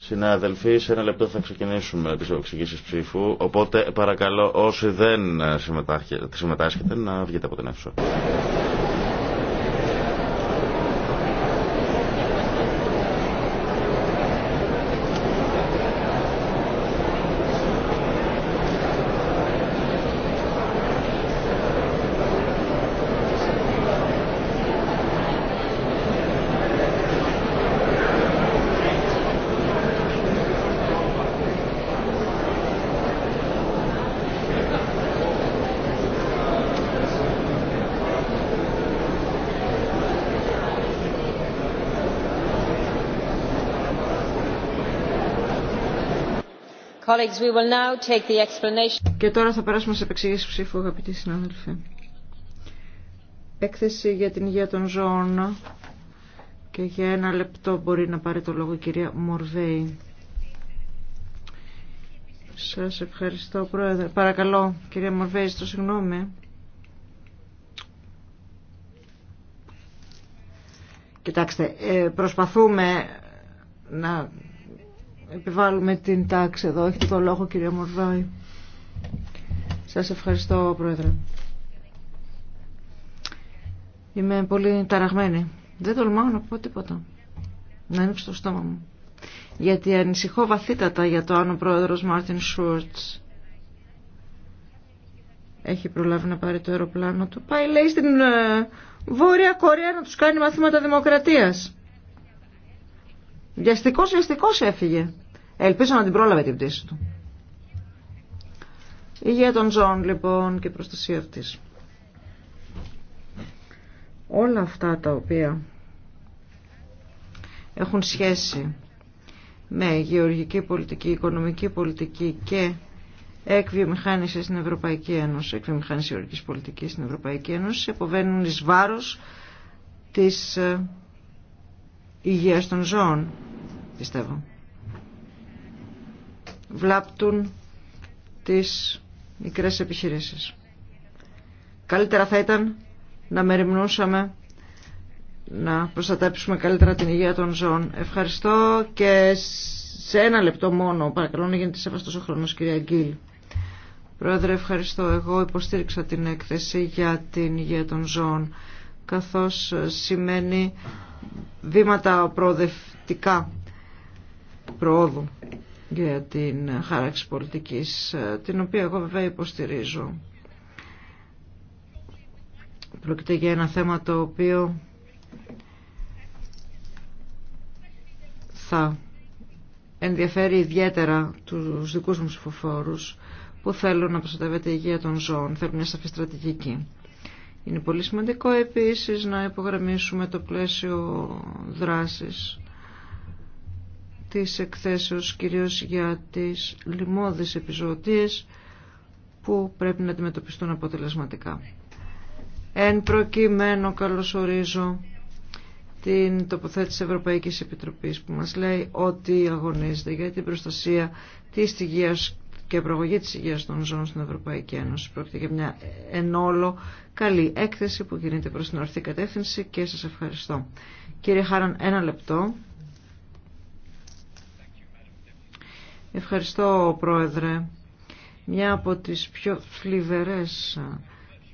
Συνάδελφοι, σε ένα λεπτό θα ξεκινήσουμε τις εξηγήσεις ψήφου, οπότε παρακαλώ όσοι δεν συμμετάσχετε να βγείτε από την αίθουσα. Και τώρα θα περάσουμε σε επεξήγηση ψήφου, αγαπητοί συνάδελφοι. Έκθεση για την υγεία των ζώων και για ένα λεπτό μπορεί να πάρει το λόγο η κυρία Μορβέη. Σας ευχαριστώ, Πρόεδρε. Παρακαλώ, κυρία Μορβέη, στο συγγνώμη. Κοιτάξτε, ε, προσπαθούμε να επιβάλλουμε την τάξη εδώ. Έχετε το λόγο κυρία Μορβάη. Σας ευχαριστώ πρόεδρε. Είμαι πολύ ταραγμένη. Δεν τολμάω να πω τίποτα. Να είναι το στόμα μου. Γιατί ανησυχώ βαθύτατα για το αν ο πρόεδρος Μάρτιν Σούρτς έχει προλάβει να πάρει το αεροπλάνο του. Πάει λέει στην ε, Βόρεια Κορέα να τους κάνει μαθήματα δημοκρατίας. Βιαστικός, βιαστικός έφυγε. Ελπίζω να την πρόλαβε την πτήση του. Υγεία των ζώων λοιπόν και προστασία αυτής. Όλα αυτά τα οποία έχουν σχέση με γεωργική πολιτική, οικονομική πολιτική και εκβιομηχάνηση στην Ευρωπαϊκή Ένωση, εκβιομηχάνηση γεωργικής πολιτικής στην Ευρωπαϊκή Ένωση, αποβαίνουν εις βάρος της ε, Υγεία των ζώων, πιστεύω. Βλάπτουν τις μικρές επιχειρήσεις. Καλύτερα θα ήταν να μεριμνούσαμε να προστατέψουμε καλύτερα την υγεία των ζώων. Ευχαριστώ και σε ένα λεπτό μόνο, παρακαλώ να γίνεται σεβαστός ο χρόνο, κυρία Γκίλ. Πρόεδρε, ευχαριστώ. Εγώ υποστήριξα την έκθεση για την υγεία των ζώων, καθώς σημαίνει βήματα προοδευτικά προόδου για την χάραξη πολιτικής, την οποία εγώ βέβαια υποστηρίζω. Πρόκειται για ένα θέμα το οποίο θα ενδιαφέρει ιδιαίτερα τους δικούς μου ψηφοφόρους που θέλουν να προστατεύεται η υγεία των ζώων, θέλουν μια σαφή στρατηγική. Είναι πολύ σημαντικό επίσης να υπογραμμίσουμε το πλαίσιο δράσης της εκθέσεως κυρίως για τις λοιμώδεις επιζωτίες που πρέπει να αντιμετωπιστούν αποτελεσματικά. Εν προκειμένου καλωσορίζω την τοποθέτηση Ευρωπαϊκής Επιτροπής που μας λέει ότι αγωνίζεται για την προστασία της υγείας και προγωγή της υγείας των ζώων στην Ευρωπαϊκή Ένωση. Πρόκειται για μια όλο καλή έκθεση που γίνεται προς την ορθή κατεύθυνση και σας ευχαριστώ. Κύριε Χάραν, ένα λεπτό. Ευχαριστώ, Πρόεδρε. Μια από τις πιο φλιβερές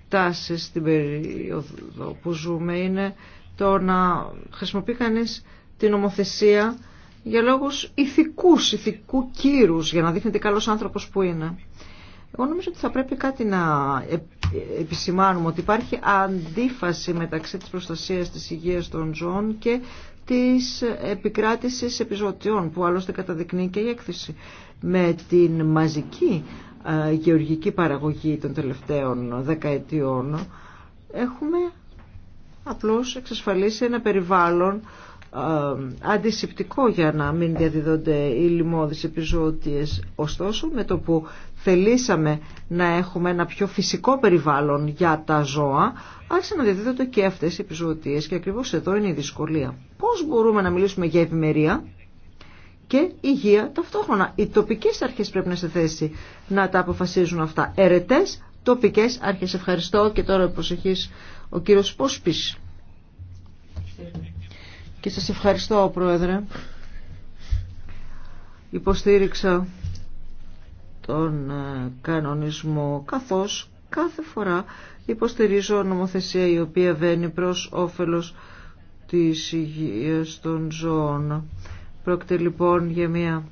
τάσεις στην περίοδο που ζούμε είναι το να χρησιμοποιεί κανείς την ομοθεσία για λόγους ηθικούς, ηθικού κύρους, για να δείχνετε καλός άνθρωπος που είναι. Εγώ νομίζω ότι θα πρέπει κάτι να ε, επισημάνουμε, ότι υπάρχει αντίφαση μεταξύ της προστασίας της υγείας των ζώων και της επικράτησης επιζωτιών, που άλλωστε καταδεικνύει και η έκθεση, με την μαζική ε, γεωργική παραγωγή των τελευταίων δεκαετιών έχουμε απλώς εξασφαλίσει ένα περιβάλλον ε, αντισηπτικό για να μην διαδίδονται οι λοιμώδεις επιζώτιες. Ωστόσο, με το που θελήσαμε να έχουμε ένα πιο φυσικό περιβάλλον για τα ζώα, άρχισαν να διαδίδονται και αυτές οι επιζωτίες και ακριβώς εδώ είναι η δυσκολία. Πώς μπορούμε να μιλήσουμε για ευημερία και υγεία ταυτόχρονα. Οι τοπικές αρχές πρέπει να σε θέση να τα αποφασίζουν αυτά. Ερετές τοπικές αρχές. Ευχαριστώ και τώρα προσοχής ο κύριος Πόσπης. Και σας ευχαριστώ, Πρόεδρε. Υποστήριξα τον ε, κανονισμό καθώς κάθε φορά υποστηρίζω νομοθεσία η οποία βαίνει προς όφελος της υγείας των ζώων. Πρόκειται λοιπόν για μια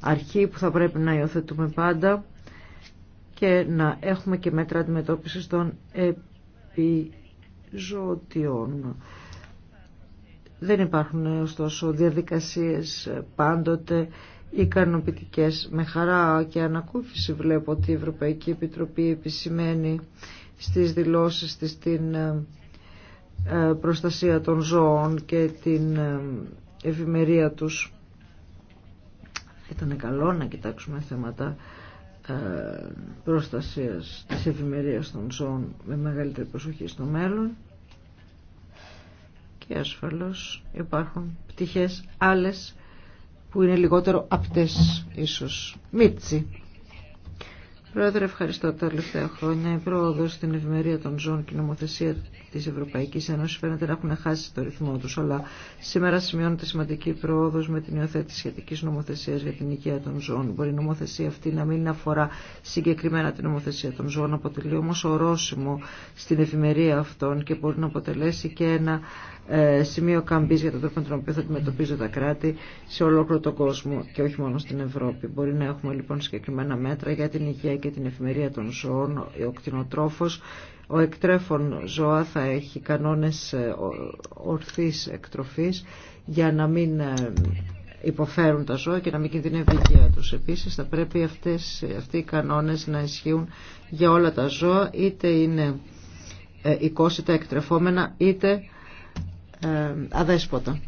αρχή που θα πρέπει να υιοθετούμε πάντα και να έχουμε και μέτρα αντιμετώπισης των επιζωτιών. Δεν υπάρχουν ωστόσο διαδικασίες πάντοτε ικανοποιητικές. Με χαρά και ανακούφιση βλέπω ότι η Ευρωπαϊκή Επιτροπή επισημαίνει στις δηλώσεις της την ε, ε, προστασία των ζώων και την ε, ευημερία τους. Ήταν καλό να κοιτάξουμε θέματα προστασίας της ευημερίας των ζώων με μεγαλύτερη προσοχή στο μέλλον και ασφαλώς υπάρχουν πτυχές άλλες που είναι λιγότερο απτές ίσως. Μίτσι. Πρόεδρε, ευχαριστώ τα τελευταία χρόνια. Η πρόοδο στην ευημερία των ζώων και η νομοθεσία τη Ευρωπαϊκή Ένωση φαίνεται να έχουν χάσει το ρυθμό του. Αλλά σήμερα σημειώνεται σημαντική πρόοδο με την υιοθέτηση σχετική νομοθεσία για την υγεία των ζώων. Μπορεί η νομοθεσία αυτή να μην αφορά συγκεκριμένα την νομοθεσία των ζώων, αποτελεί όμω ορόσημο στην ευημερία αυτών και μπορεί να αποτελέσει και ένα ε, σημείο καμπής για τον τρόπο με τον οποίο θα αντιμετωπίζουν τα κράτη σε ολόκληρο τον κόσμο και όχι μόνο στην Ευρώπη. Μπορεί να έχουμε λοιπόν συγκεκριμένα μέτρα για την υγεία και την εφημερία των ζώων, ο κτηνοτρόφος, ο εκτρέφων ζώα θα έχει κανόνες ε, ορθής εκτροφής για να μην ε, υποφέρουν τα ζώα και να μην κινδυνεύει η υγεία τους. Επίσης θα πρέπει αυτές, αυτοί οι κανόνες να ισχύουν για όλα τα ζώα, είτε είναι οικόσιτα εκτρεφόμενα, είτε ε, αδέσποτα.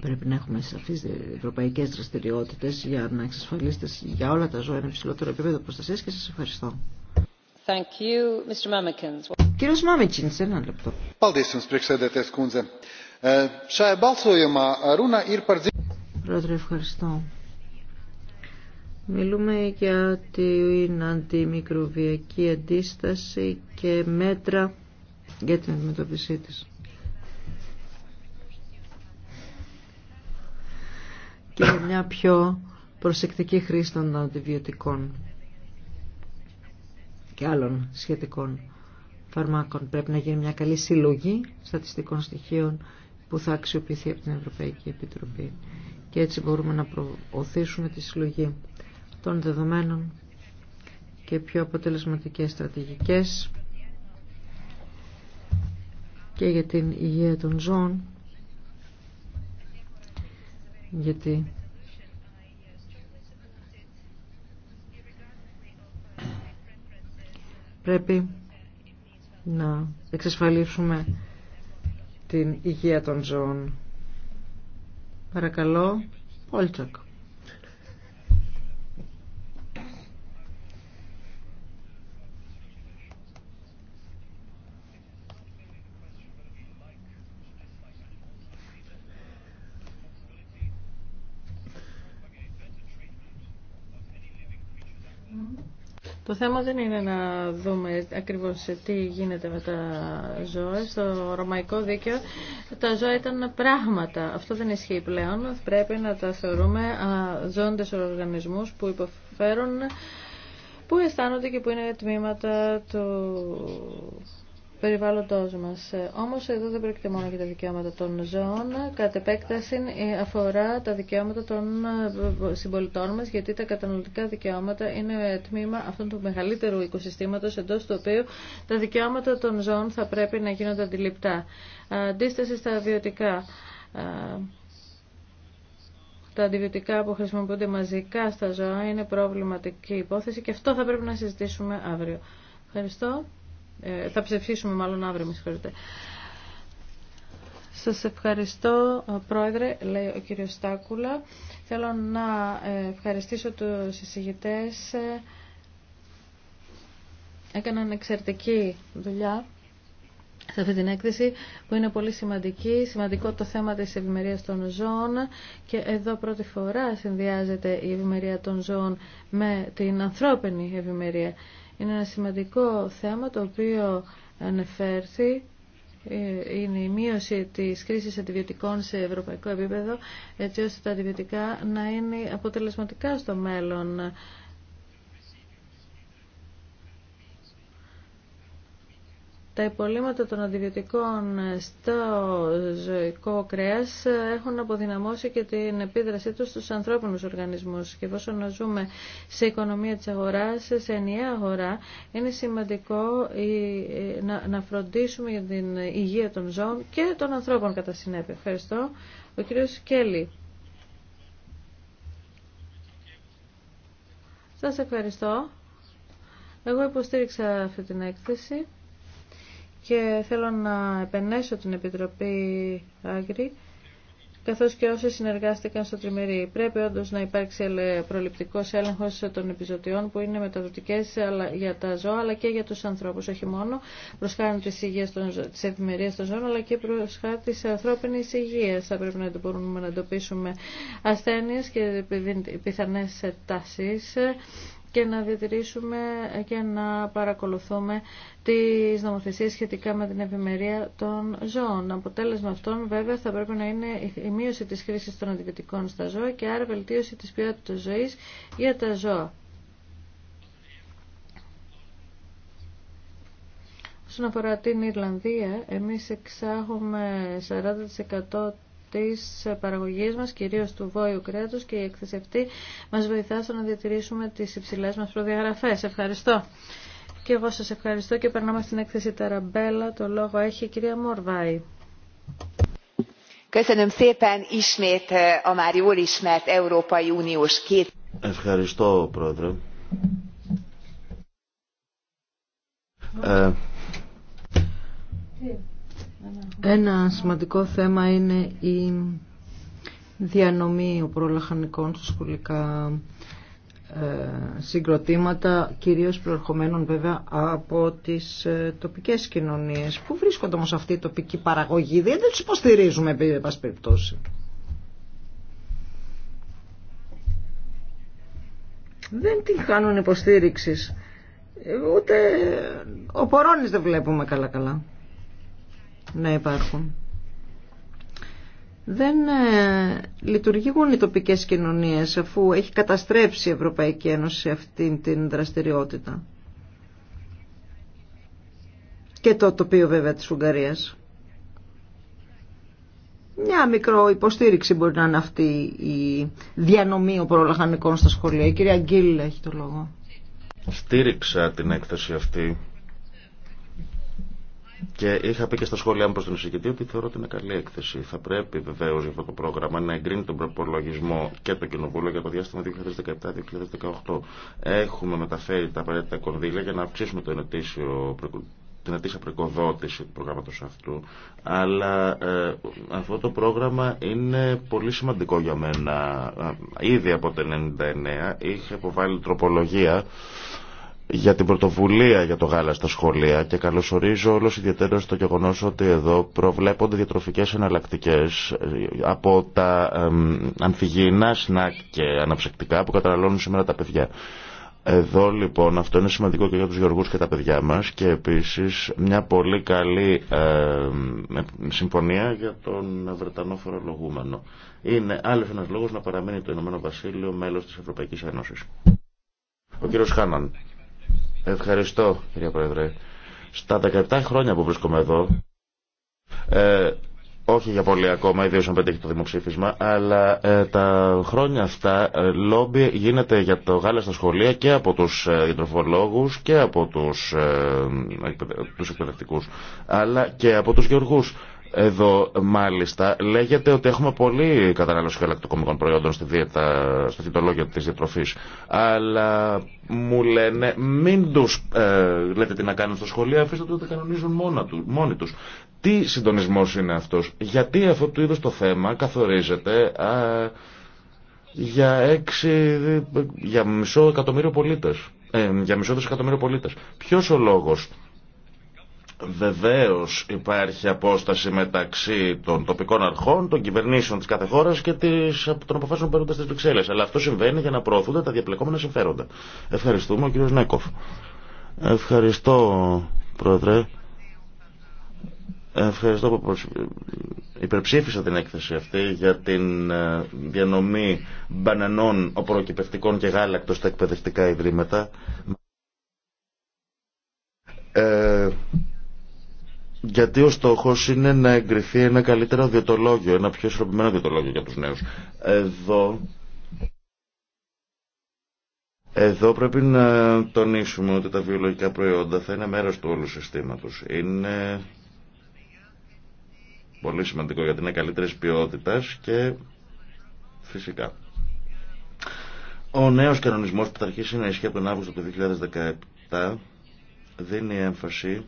Πρέπει να έχουμε σαφεί ευρωπαϊκέ δραστηριότητε για να εξασφαλίσετε για όλα τα ζώα ένα υψηλότερο επίπεδο προστασία και σα ευχαριστώ. Thank you, Κύριο Μάμικιν, ένα λεπτό. Ε, Πρόεδρε, ευχαριστώ. Μιλούμε για την αντιμικροβιακή αντίσταση και μέτρα για την αντιμετώπιση της. και για μια πιο προσεκτική χρήση των αντιβιωτικών και άλλων σχετικών φαρμάκων. Πρέπει να γίνει μια καλή συλλογή στατιστικών στοιχείων που θα αξιοποιηθεί από την Ευρωπαϊκή Επιτροπή. Και έτσι μπορούμε να προωθήσουμε τη συλλογή των δεδομένων και πιο αποτελεσματικές στρατηγικές και για την υγεία των ζώων γιατί πρέπει να εξασφαλίσουμε την υγεία των ζώων. Παρακαλώ, Πόλτσακ. Το θέμα δεν είναι να δούμε ακριβώς τι γίνεται με τα ζώα. Στο ρωμαϊκό δίκαιο τα ζώα ήταν πράγματα. Αυτό δεν ισχύει πλέον. Πρέπει να τα θεωρούμε ζώντες οργανισμούς που υποφέρουν, που αισθάνονται και που είναι τμήματα του περιβάλλοντός μας. Ε, όμως εδώ δεν πρόκειται μόνο για τα δικαιώματα των ζώων, κατ' επέκταση ε, αφορά τα δικαιώματα των ε, συμπολιτών μας, γιατί τα καταναλωτικά δικαιώματα είναι τμήμα αυτού του μεγαλύτερου οικοσυστήματος, εντός του οποίου τα δικαιώματα των ζώων θα πρέπει να γίνονται αντιληπτά. Αντίσταση στα βιωτικά τα αντιβιωτικά που χρησιμοποιούνται μαζικά στα ζώα είναι προβληματική υπόθεση και αυτό θα πρέπει να συζητήσουμε αύριο. Ευχαριστώ. Ε, θα ψηφίσουμε μάλλον αύριο, με συγχωρείτε. Σας ευχαριστώ, ε, Πρόεδρε, λέει ο κύριος Στάκουλα. Θέλω να ε, ευχαριστήσω τους εισηγητές. Έκαναν εξαιρετική δουλειά σε αυτή την έκθεση που είναι πολύ σημαντική. Σημαντικό το θέμα της ευημερία των ζώων και εδώ πρώτη φορά συνδυάζεται η ευημερία των ζώων με την ανθρώπινη ευημερία. Είναι ένα σημαντικό θέμα το οποίο ανεφέρθη ε, είναι η μείωση της κρίσης αντιβιωτικών σε ευρωπαϊκό επίπεδο έτσι ώστε τα αντιβιωτικά να είναι αποτελεσματικά στο μέλλον Τα υπολείμματα των αντιβιωτικών στο ζωικό κρέας έχουν αποδυναμώσει και την επίδρασή τους στους ανθρώπινους οργανισμούς. Και εφόσον ζούμε σε οικονομία της αγοράς, σε ενιαία αγορά, είναι σημαντικό να φροντίσουμε για την υγεία των ζώων και των ανθρώπων κατά συνέπεια. Ευχαριστώ. Ο κύριος Κέλλη. Σας ευχαριστώ. Εγώ υποστήριξα αυτή την έκθεση και θέλω να επενέσω την Επιτροπή Άγρη καθώς και όσοι συνεργάστηκαν στο τριμερί. Πρέπει όντως να υπάρξει προληπτικός έλεγχος των επιζωτιών που είναι μεταδοτικές για τα ζώα αλλά και για τους ανθρώπους, όχι μόνο προς χάρη της, υγείας των, της ευημερίας των ζώων αλλά και προς χάρη της ανθρώπινης υγείας. Θα πρέπει να μπορούμε να εντοπίσουμε ασθένειες και πιθανές τάσεις και να διατηρήσουμε και να παρακολουθούμε τις νομοθεσίες σχετικά με την ευημερία των ζώων. Αποτέλεσμα αυτών βέβαια θα πρέπει να είναι η μείωση της χρήσης των αντιβιωτικών στα ζώα και άρα βελτίωση της ποιότητας ζωής για τα ζώα. Όσον αφορά την Ιρλανδία, εμείς εξάγουμε 40% της παραγωγής μας, κυρίως του βόηου κρέατος και η εκθεσευτή μας βοηθά στο να διατηρήσουμε τις υψηλές μας προδιαγραφές. Ευχαριστώ. Και εγώ σας ευχαριστώ και περνάμε στην έκθεση Ταραμπέλα. Το λόγο έχει η κυρία Μορβάη. Eh, ευχαριστώ, Πρόεδρε. Ένα σημαντικό θέμα είναι η διανομή προλαχανικών σχολικά ε, συγκροτήματα κυρίως προερχομένων βέβαια από τις ε, τοπικές κοινωνίες που βρίσκονται όμως αυτή η τοπική παραγωγή δεν τους υποστηρίζουμε επί περιπτώσει δεν την κάνουν υποστήριξης ε, ούτε ο Πορώνης δεν βλέπουμε καλά καλά να υπάρχουν. Δεν ε, λειτουργηγούν οι τοπικές κοινωνίες αφού έχει καταστρέψει η Ευρωπαϊκή Ένωση αυτήν την δραστηριότητα. Και το τοπίο βέβαια της Ουγγαρίας. Μια μικρό υποστήριξη μπορεί να είναι αυτή η διανομή προλαχανικών στα σχολεία. Η κυρία Γκίλ έχει το λόγο. Στήριξα την έκθεση αυτή και είχα πει και στα σχόλιά μου προ τον εισηγητή ότι θεωρώ ότι είναι καλή έκθεση. Θα πρέπει βεβαίω για αυτό το πρόγραμμα να εγκρίνει τον προπολογισμό και το Κοινοβούλιο για το διάστημα 2017-2018. Έχουμε μεταφέρει τα απαραίτητα κονδύλια για να αυξήσουμε το την ετήσια προκοδότηση του προγράμματος αυτού, αλλά ε, αυτό το πρόγραμμα είναι πολύ σημαντικό για μένα. Ε, ήδη από το 1999 είχε αποβάλει τροπολογία για την πρωτοβουλία για το γάλα στα σχολεία και καλωσορίζω όλος ιδιαίτερα στο γεγονός ότι εδώ προβλέπονται διατροφικές εναλλακτικέ ε, από τα αμφιγεινά σνακ και αναψεκτικά που καταναλώνουν σήμερα τα παιδιά. Εδώ λοιπόν αυτό είναι σημαντικό και για τους γεωργούς και τα παιδιά μας και επίσης μια πολύ καλή ε, συμφωνία για τον Βρετανό φορολογούμενο. Είναι άλλο ένας λόγος να παραμείνει το Ηνωμένο Βασίλειο μέλος της Ευρωπαϊκής Ένωσης. Ο κύριος Χάναν. Ευχαριστώ, κύριε Πρόεδρε. Στα 17 χρόνια που βρίσκομαι εδώ, ε, όχι για πολύ ακόμα, ιδίω αν πετύχει το δημοψήφισμα, αλλά ε, τα χρόνια αυτά ε, λόμπι γίνεται για το γάλα στα σχολεία και από του ε, και από του τους ε, εκπαιδευτικού, αλλά και από του γεωργού. Εδώ μάλιστα λέγεται ότι έχουμε πολύ κατανάλωση γαλακτοκομικών προϊόντων στη δίαιτα, στο θητολόγιο της διατροφής. Αλλά μου λένε μην τους ε, λέτε τι να κάνουν στο σχολείο, αφήστε το ότι τα κανονίζουν μόνα του, μόνοι τους. Τι συντονισμός είναι αυτός, γιατί αυτό το είδος το θέμα καθορίζεται α, για, έξι, για μισό εκατομμύριο πολίτες. Ε, για μισό δισεκατομμύριο πολίτες. Ποιος ο λόγος Βεβαίως υπάρχει απόσταση μεταξύ των τοπικών αρχών, των κυβερνήσεων της κάθε χώρας και της, των αποφάσεων που παίρνονται στις Βρυξέλλες. Αλλά αυτό συμβαίνει για να προωθούνται τα διαπλεκόμενα συμφέροντα. Ευχαριστούμε ο κύριος Νέκοφ. Ευχαριστώ πρόεδρε. Ευχαριστώ που υπερψήφισα την έκθεση αυτή για την ε, διανομή μπανανών οπροκυπευτικών και γάλακτος στα εκπαιδευτικά ιδρύματα. Ε, γιατί ο στόχο είναι να εγκριθεί ένα καλύτερο διαιτολόγιο, ένα πιο ισορροπημένο διαιτολόγιο για του νέου. Εδώ. Εδώ πρέπει να τονίσουμε ότι τα βιολογικά προϊόντα θα είναι μέρος του όλου συστήματος. Είναι πολύ σημαντικό γιατί είναι καλύτερης ποιότητας και φυσικά. Ο νέος κανονισμός που θα αρχίσει να ισχύει από τον Αύγουστο του 2017 δίνει έμφαση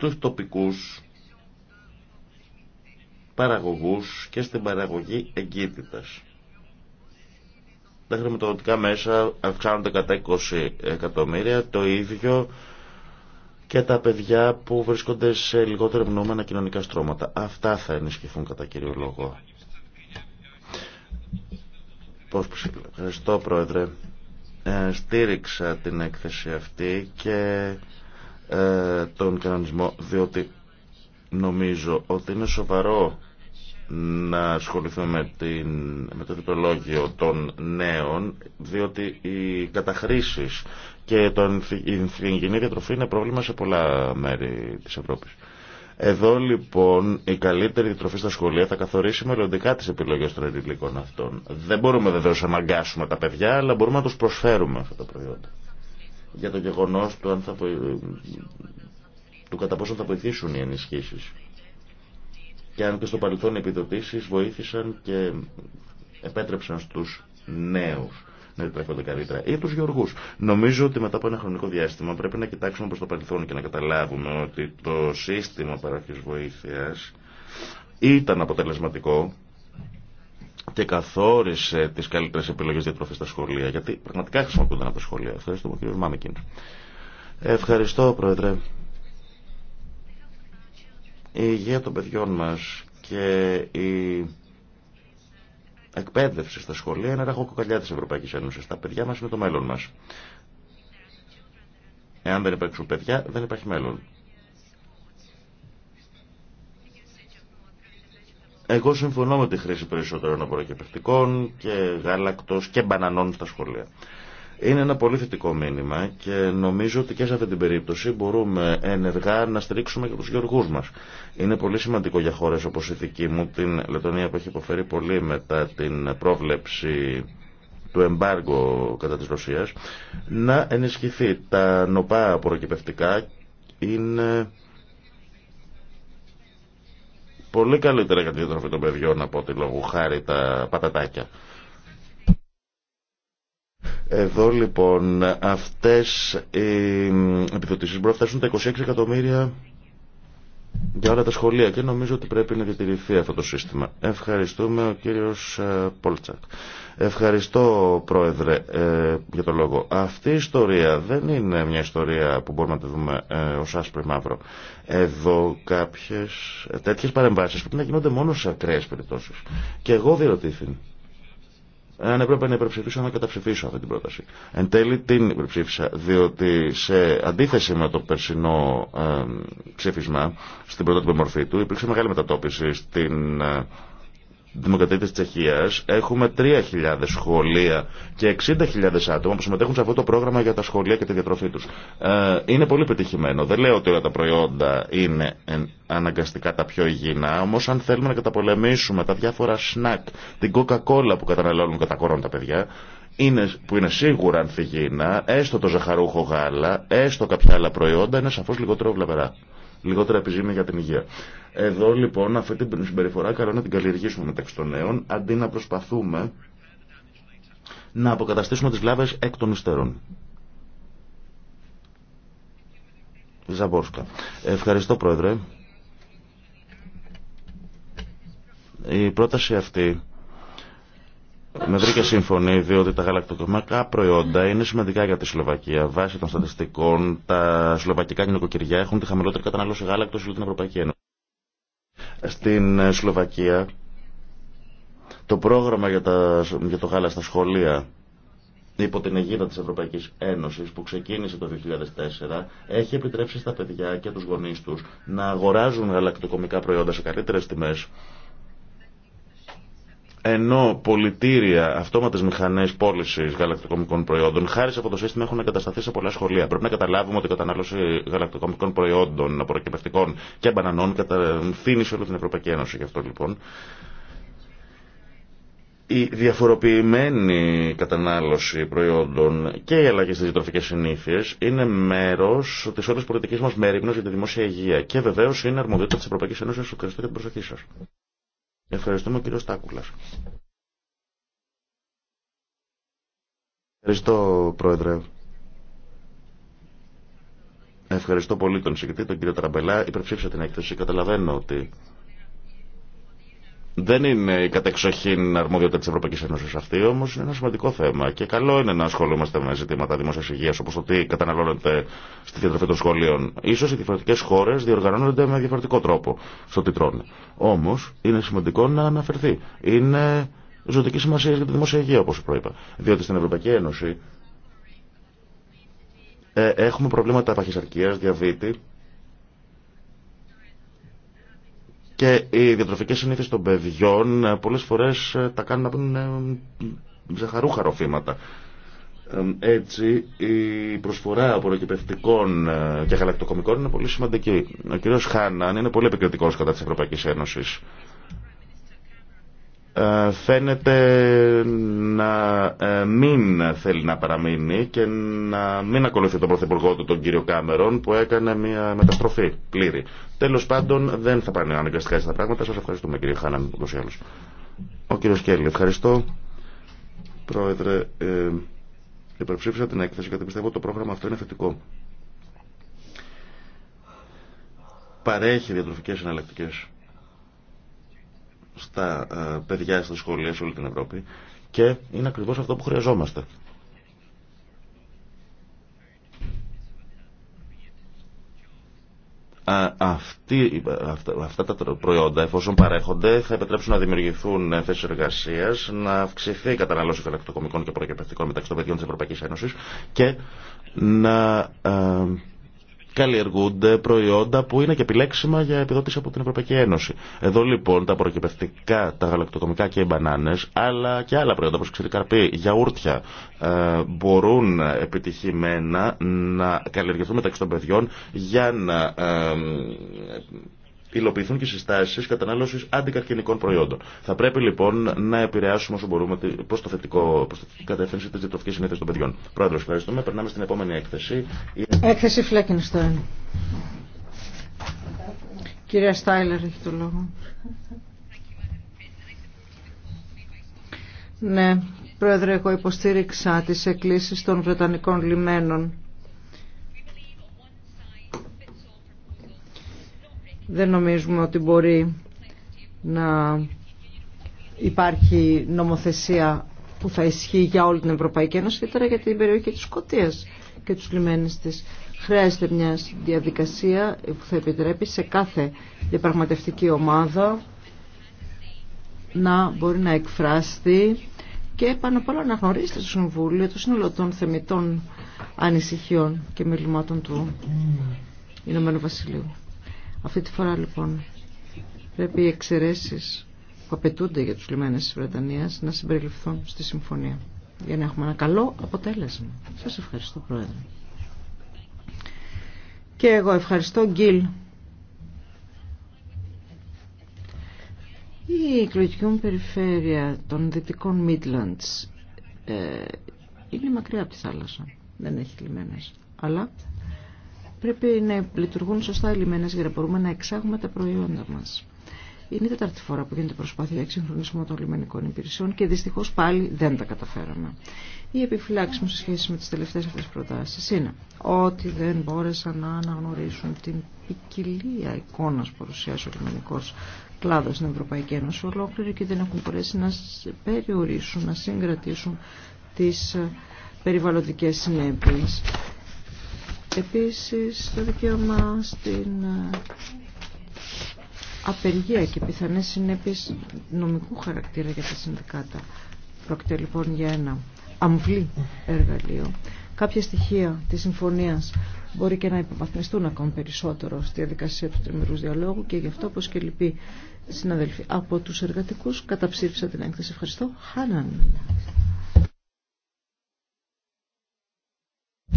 στους τοπικούς παραγωγούς και στην παραγωγή εγκύτητας. Τα χρηματοδοτικά μέσα αυξάνονται κατά 20 εκατομμύρια, το ίδιο και τα παιδιά που βρίσκονται σε λιγότερο ευνοούμενα κοινωνικά στρώματα. Αυτά θα ενισχυθούν κατά κύριο λόγο. Πώς Ευχαριστώ Πρόεδρε. Ε, στήριξα την έκθεση αυτή και ε, τον κανονισμό, διότι νομίζω ότι είναι σοβαρό να ασχοληθούμε με, την, με το διπλολόγιο των νέων, διότι οι καταχρήσεις και το, η γενική διατροφή είναι πρόβλημα σε πολλά μέρη της Ευρώπης. Εδώ λοιπόν η καλύτερη διατροφή στα σχολεία θα καθορίσει μελλοντικά τις επιλογές των ειδικών αυτών. Δεν μπορούμε βεβαίως να αναγκάσουμε τα παιδιά, αλλά μπορούμε να τους προσφέρουμε αυτά τα προϊόντα για το γεγονός του, θα, του κατά πόσο θα βοηθήσουν οι ενισχύσεις. Και αν και στο παρελθόν οι επιδοτήσεις βοήθησαν και επέτρεψαν στους νέους να επιτρέπονται καλύτερα ή του γεωργού. Νομίζω ότι μετά από ένα χρονικό διάστημα πρέπει να κοιτάξουμε προ το παρελθόν και να καταλάβουμε ότι το σύστημα παροχή βοήθεια ήταν αποτελεσματικό και καθόρισε τι καλύτερες επιλογές διατροφή στα σχολεία, γιατί πραγματικά χρησιμοποιούνται από τα σχολεία. Ευχαριστούμε κύριο Μάμικιν. Ευχαριστώ Πρόεδρε. Η υγεία των παιδιών μας και η εκπαίδευση στα σχολεία είναι ραχοκοκαλιά τη Ευρωπαϊκής Ένωση. Τα παιδιά μας είναι το μέλλον μας. Εάν δεν υπάρξουν παιδιά, δεν υπάρχει μέλλον. Εγώ συμφωνώ με τη χρήση περισσότερων απορροκεπευτικών και γάλακτος και μπανανών στα σχολεία. Είναι ένα πολύ θετικό μήνυμα και νομίζω ότι και σε αυτή την περίπτωση μπορούμε ενεργά να στηρίξουμε και τους γεωργούς μας. Είναι πολύ σημαντικό για χώρες όπως η δική μου, την Λετωνία που έχει υποφέρει πολύ μετά την πρόβλεψη του εμπάργου κατά της Ρωσίας, να ενισχυθεί τα νοπά απορροκυπευτικά είναι Πολύ καλύτερα για τη διατροφή των παιδιών από τη λόγου χάρη τα πατατάκια. Εδώ λοιπόν αυτές οι επιδοτήσεις μπορούν να φτάσουν τα 26 εκατομμύρια για όλα τα σχολεία και νομίζω ότι πρέπει να διατηρηθεί αυτό το σύστημα. Ευχαριστούμε ο κύριος ε, Πόλτσακ. Ευχαριστώ πρόεδρε ε, για το λόγο. Αυτή η ιστορία δεν είναι μια ιστορία που μπορούμε να τη δούμε ε, ως άσπρη μαύρο. Εδώ κάποιες ε, τέτοιες παρεμβάσεις πρέπει να γίνονται μόνο σε ακραίες περιπτώσεις. Και εγώ διερωτήθηκα αν έπρεπε να υπερψηφίσω να καταψηφίσω αυτή την πρόταση. Εν τέλει την υπερψήφισα, διότι σε αντίθεση με το περσινό ψήφισμα, στην του μορφή του, υπήρξε μεγάλη μετατόπιση στην ε, Δημοκρατία της Τσεχίας έχουμε 3.000 σχολεία και 60.000 άτομα που συμμετέχουν σε αυτό το πρόγραμμα για τα σχολεία και τη διατροφή τους. Ε, είναι πολύ πετυχημένο. Δεν λέω ότι όλα τα προϊόντα είναι αναγκαστικά τα πιο υγιεινά, όμως αν θέλουμε να καταπολεμήσουμε τα διάφορα σνακ, την κοκακόλα που καταναλώνουν κατά κορών τα παιδιά, είναι, που είναι σίγουρα ανθυγιεινά, έστω το ζαχαρούχο γάλα, έστω κάποια άλλα προϊόντα, είναι σαφώς λιγότερο βλαβερά λιγότερα επιζήμια για την υγεία. Εδώ λοιπόν αυτή την συμπεριφορά καλό να την καλλιεργήσουμε μεταξύ των νέων αντί να προσπαθούμε να αποκαταστήσουμε τις βλάβες εκ των υστέρων. Ευχαριστώ Πρόεδρε. Η πρόταση αυτή με βρήκε σύμφωνη διότι τα γαλακτοκομικά προϊόντα είναι σημαντικά για τη Σλοβακία. Βάσει των στατιστικών, τα σλοβακικά νοικοκυριά έχουν τη χαμηλότερη κατανάλωση γάλακτο σε όλη την Ευρωπαϊκή Ένωση. Στην ε, Σλοβακία, το πρόγραμμα για, τα, για το γάλα στα σχολεία υπό την αιγύδα της Ευρωπαϊκής Ένωσης που ξεκίνησε το 2004 έχει επιτρέψει στα παιδιά και τους γονείς τους να αγοράζουν γαλακτοκομικά προϊόντα σε καλύτερες τιμές ενώ πολιτήρια, αυτόματε μηχανέ πώληση γαλακτοκομικών προϊόντων, χάρη σε αυτό το σύστημα έχουν εγκατασταθεί σε πολλά σχολεία. Πρέπει να καταλάβουμε ότι η κατανάλωση γαλακτοκομικών προϊόντων, απορροκυπευτικών και μπανανών καταθύνει σε όλη την Ευρωπαϊκή Ένωση. Γι' αυτό λοιπόν η διαφοροποιημένη κατανάλωση προϊόντων και οι αλλαγέ στι διατροφικέ συνήθειε είναι μέρο τη όλη πολιτική μα μέρημνα για τη δημόσια υγεία. Και βεβαίω είναι αρμοδιότητα τη Ευρωπαϊκή Ένωση. Ευχαριστώ για την προσοχή σα. Ευχαριστούμε κύριο Στάκουλας. Ευχαριστώ πρόεδρε. Ευχαριστώ πολύ τον συγκεκριτή, τον κύριο Τραμπελά. Υπερψήφισα την έκθεση. Καταλαβαίνω ότι δεν είναι η κατεξοχήν αρμοδιότητα τη Ευρωπαϊκή Ένωση αυτή, όμω είναι ένα σημαντικό θέμα. Και καλό είναι να ασχολούμαστε με ζητήματα δημόσια υγεία, όπω το τι καταναλώνεται στη διατροφή των σχολείων. σω οι διαφορετικέ χώρε διοργανώνονται με διαφορετικό τρόπο στο τι τρώνε. Όμω είναι σημαντικό να αναφερθεί. Είναι ζωτική σημασία για τη δημόσια υγεία, όπω προείπα. Διότι στην Ευρωπαϊκή Ένωση ε, έχουμε προβλήματα παχυσαρκία, διαβήτη Και οι διατροφικές συνήθειες των παιδιών ε, πολλές φορές ε, τα κάνουν να πίνουν ε, ζαχαρούχα ροφήματα. Έτσι, η προσφορά απορροκυπευτικών και γαλακτοκομικών είναι πολύ σημαντική. Ο κ. Χάναν είναι πολύ επικριτικός κατά της Ευρωπαϊκής Ένωσης ε, φαίνεται να ε, μην θέλει να παραμείνει και να μην ακολουθεί τον Πρωθυπουργό του, τον κύριο Κάμερον, που έκανε μια μεταστροφή πλήρη. Τέλο πάντων, δεν θα πάνε αναγκαστικά τα πράγματα. Σα ευχαριστούμε, κύριε Χάναν, ούτω ή άλλω. Ο κύριο Κέλλη, ευχαριστώ. Πρόεδρε, ε, υπερψήφισα την έκθεση γιατί πιστεύω ότι το πρόγραμμα αυτό είναι θετικό. Παρέχει διατροφικέ εναλλακτικέ στα ε, παιδιά στα σχολεία σε όλη την Ευρώπη και είναι ακριβώς αυτό που χρειαζόμαστε. Αυτή, αυτά, τα προϊόντα, εφόσον παρέχονται, θα επιτρέψουν να δημιουργηθούν θέσει εργασία, να αυξηθεί η κατανάλωση γαλακτοκομικών και προεκπαιδευτικών μεταξύ των παιδιών τη Ευρωπαϊκή Ένωση και να ε, καλλιεργούνται προϊόντα που είναι και επιλέξιμα για επιδότηση από την Ευρωπαϊκή Ένωση. Εδώ λοιπόν τα προκυπευτικά, τα γαλακτοκομικά και οι μπανάνες, αλλά και άλλα προϊόντα όπως ξηρή καρπή, γιαούρτια, ε, μπορούν επιτυχημένα να καλλιεργηθούν μεταξύ των παιδιών για να ε, υλοποιηθούν και συστάσει κατανάλωση αντικαρκυνικών προϊόντων. Θα πρέπει λοιπόν να επηρεάσουμε όσο μπορούμε προ το θετικό, προς την κατεύθυνση τη διατροφική συνήθεια των παιδιών. Πρόεδρο, ευχαριστούμε. Περνάμε στην επόμενη έκθεση. Έκθεση Φλέκινστον. Κυρία Στάιλερ έχει το λόγο. Ναι, Πρόεδρε, εγώ υποστήριξα τις εκκλήσεις των Βρετανικών λιμένων Δεν νομίζουμε ότι μπορεί να υπάρχει νομοθεσία που θα ισχύει για όλη την Ευρωπαϊκή Ένωση, και τώρα για την περιοχή της Σκωτίας και τους λιμένες της. Χρειάζεται μια διαδικασία που θα επιτρέπει σε κάθε διαπραγματευτική ομάδα να μπορεί να εκφράσει και πάνω απ' όλα να γνωρίσει το Συμβούλιο το σύνολο θεμητών ανησυχιών και μελημάτων του Ηνωμένου Βασιλείου. Αυτή τη φορά λοιπόν πρέπει οι εξαιρέσει που απαιτούνται για τους λιμένες της Βρετανίας να συμπεριληφθούν στη συμφωνία για να έχουμε ένα καλό αποτέλεσμα. Σας ευχαριστώ Πρόεδρε. Και εγώ ευχαριστώ Γκίλ. Η εκλογική μου περιφέρεια των Δυτικών Midlands ε, είναι μακριά από τη θάλασσα. Δεν έχει λιμένες. Αλλά πρέπει να λειτουργούν σωστά οι λιμένες για να μπορούμε να εξάγουμε τα προϊόντα μας. Είναι η τέταρτη φορά που γίνεται προσπάθεια εξυγχρονισμού των λιμενικών υπηρεσιών και δυστυχώ πάλι δεν τα καταφέραμε. Η επιφυλάξη μου σε σχέση με τι τελευταίε αυτέ προτάσει είναι ότι δεν μπόρεσαν να αναγνωρίσουν την ποικιλία εικόνα που παρουσιάζει ο λιμενικό κλάδο στην Ευρωπαϊκή Ένωση ολόκληρη και δεν έχουν μπορέσει να περιορίσουν, να συγκρατήσουν τι ε, περιβαλλοντικέ συνέπειε Επίσης το δικαίωμα στην ε, απεργία και πιθανές συνέπειες νομικού χαρακτήρα για τα συνδικάτα. Πρόκειται λοιπόν για ένα αμβλή εργαλείο. Κάποια στοιχεία της συμφωνίας μπορεί και να υποβαθμιστούν ακόμη περισσότερο στη διαδικασία του τριμερού διαλόγου και γι' αυτό όπως και λυπή συναδελφοί από τους εργατικούς καταψήφισα την έκθεση. Ευχαριστώ. Χάναν.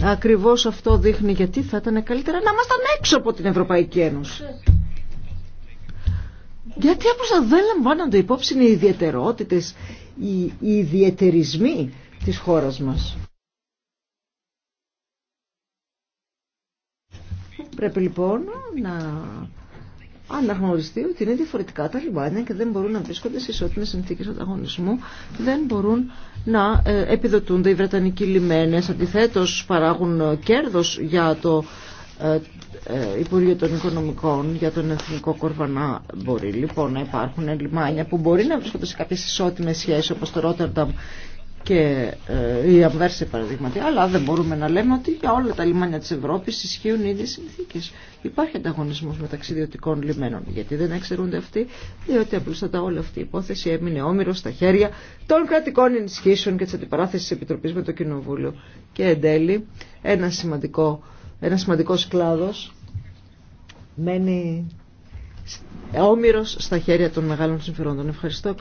Ακριβώς αυτό δείχνει γιατί θα ήταν καλύτερα να ήμασταν έξω από την Ευρωπαϊκή Ένωση. Γιατί όπω δεν λαμβάνονται υπόψη οι ιδιαιτερότητες, οι, ιδιαιτερισμοί της χώρας μας. Πρέπει λοιπόν να αναγνωριστεί ότι είναι διαφορετικά τα λιμάνια και δεν μπορούν να βρίσκονται σε ισότιμες συνθήκες ανταγωνισμού, δεν μπορούν να ε, επιδοτούνται οι Βρετανικοί λιμένες. Αντιθέτως παράγουν ε, κέρδος για το ε, Υπουργείο των Οικονομικών για τον Εθνικό Κορβανά μπορεί λοιπόν να υπάρχουν λιμάνια που μπορεί να βρίσκονται σε κάποιες ισότιμες σχέσεις όπως το Ρότερνταμ και η ε, Αμβέρση, παραδείγματι, αλλά δεν μπορούμε να λέμε ότι για όλα τα λιμάνια της Ευρώπης ισχύουν ήδη συνθήκε. Υπάρχει ανταγωνισμός μεταξύ ιδιωτικών λιμένων. Γιατί δεν εξαιρούνται αυτοί, διότι απλούστατα όλη αυτή η υπόθεση έμεινε όμοιρο στα χέρια των κρατικών ενισχύσεων και της αντιπαράθεσης της Επιτροπής με το Κοινοβούλιο. Και εν τέλει, ένα σημαντικό, ένα σημαντικός κλάδος μένει ε, όμοιρος στα χέρια των μεγάλων συμφερόντων. Ευχαριστώ,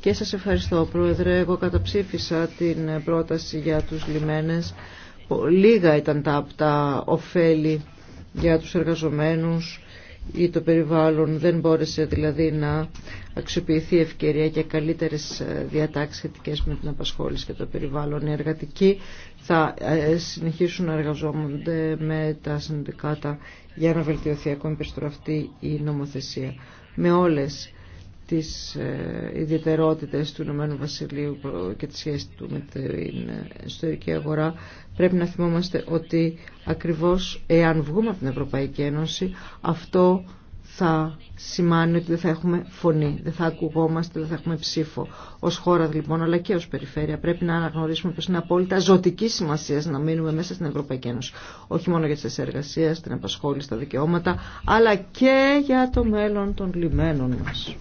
και σας ευχαριστώ Πρόεδρε. Εγώ καταψήφισα την πρόταση για τους λιμένες. Λίγα ήταν τα, τα ωφέλη για τους εργαζομένους ή το περιβάλλον δεν μπόρεσε δηλαδή να αξιοποιηθεί ευκαιρία για καλύτερες ε, διατάξεις σχετικέ με την απασχόληση και το περιβάλλον. Οι εργατικοί θα ε, συνεχίσουν να εργαζόμονται με τα συνδικάτα για να βελτιωθεί ακόμη περισσότερο αυτή η νομοθεσία. Με όλες τις ε, ιδιαιτερότητες του Ηνωμένου Βασιλείου και τη σχέση του με την ιστορική ε, αγορά πρέπει να θυμόμαστε ότι ακριβώς εάν βγούμε από την Ευρωπαϊκή Ένωση αυτό θα σημάνει ότι δεν θα έχουμε φωνή, δεν θα ακουγόμαστε, δεν θα έχουμε ψήφο. Ως χώρα λοιπόν αλλά και ως περιφέρεια πρέπει να αναγνωρίσουμε πως είναι απόλυτα ζωτική σημασία να μείνουμε μέσα στην Ευρωπαϊκή Ένωση. Όχι μόνο για τις εργασίες, την απασχόληση, τα δικαιώματα, αλλά και για το μέλλον των λιμένων μας.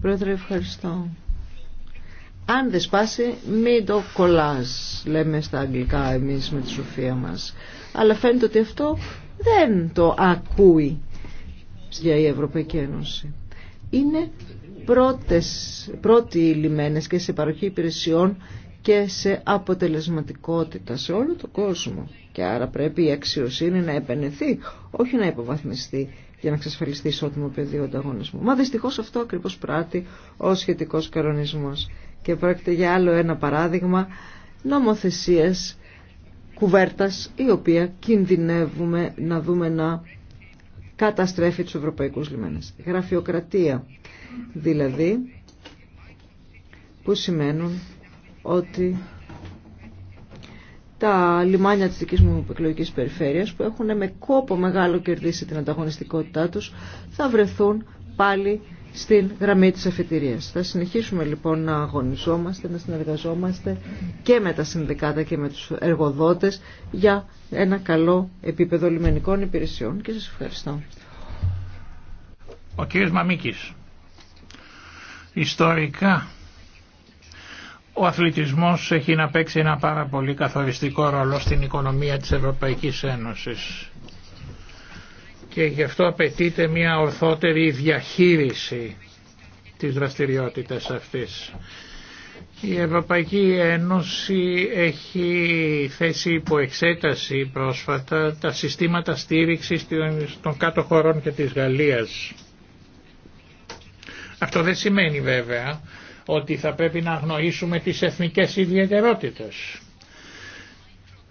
Πρόεδρε, ευχαριστώ. Αν δεν σπάσει, μην το κολλάς, λέμε στα αγγλικά εμείς με τη σοφία μας. Αλλά φαίνεται ότι αυτό δεν το ακούει για η Ευρωπαϊκή Ένωση. Είναι πρώτες, πρώτοι λιμένες και σε παροχή υπηρεσιών και σε αποτελεσματικότητα σε όλο τον κόσμο. Και άρα πρέπει η αξιοσύνη να επενεθεί, όχι να υποβαθμιστεί για να εξασφαλιστεί ισότιμο πεδίο ανταγωνισμού. Μα δυστυχώ αυτό ακριβώ πράττει ο σχετικό κανονισμό. Και πρόκειται για άλλο ένα παράδειγμα νομοθεσία κουβέρτα, η οποία κινδυνεύουμε να δούμε να καταστρέφει του ευρωπαϊκού λιμένε. Γραφειοκρατία δηλαδή που σημαίνουν ότι τα λιμάνια της δικής μου εκλογικής περιφέρειας που έχουν με κόπο μεγάλο κερδίσει την ανταγωνιστικότητά τους θα βρεθούν πάλι στην γραμμή της αφετηρίας. Θα συνεχίσουμε λοιπόν να αγωνιζόμαστε, να συνεργαζόμαστε και με τα συνδικάτα και με τους εργοδότες για ένα καλό επίπεδο λιμενικών υπηρεσιών και σας ευχαριστώ. Ιστορικά ο αθλητισμός έχει να παίξει ένα πάρα πολύ καθοριστικό ρόλο στην οικονομία της Ευρωπαϊκής Ένωσης και γι' αυτό απαιτείται μια ορθότερη διαχείριση της δραστηριότητας αυτής. Η Ευρωπαϊκή Ένωση έχει θέσει υπό εξέταση πρόσφατα τα συστήματα στήριξης των κάτω χωρών και της Γαλλίας. Αυτό δεν σημαίνει βέβαια ότι θα πρέπει να αγνοήσουμε τις εθνικές ιδιαιτερότητες.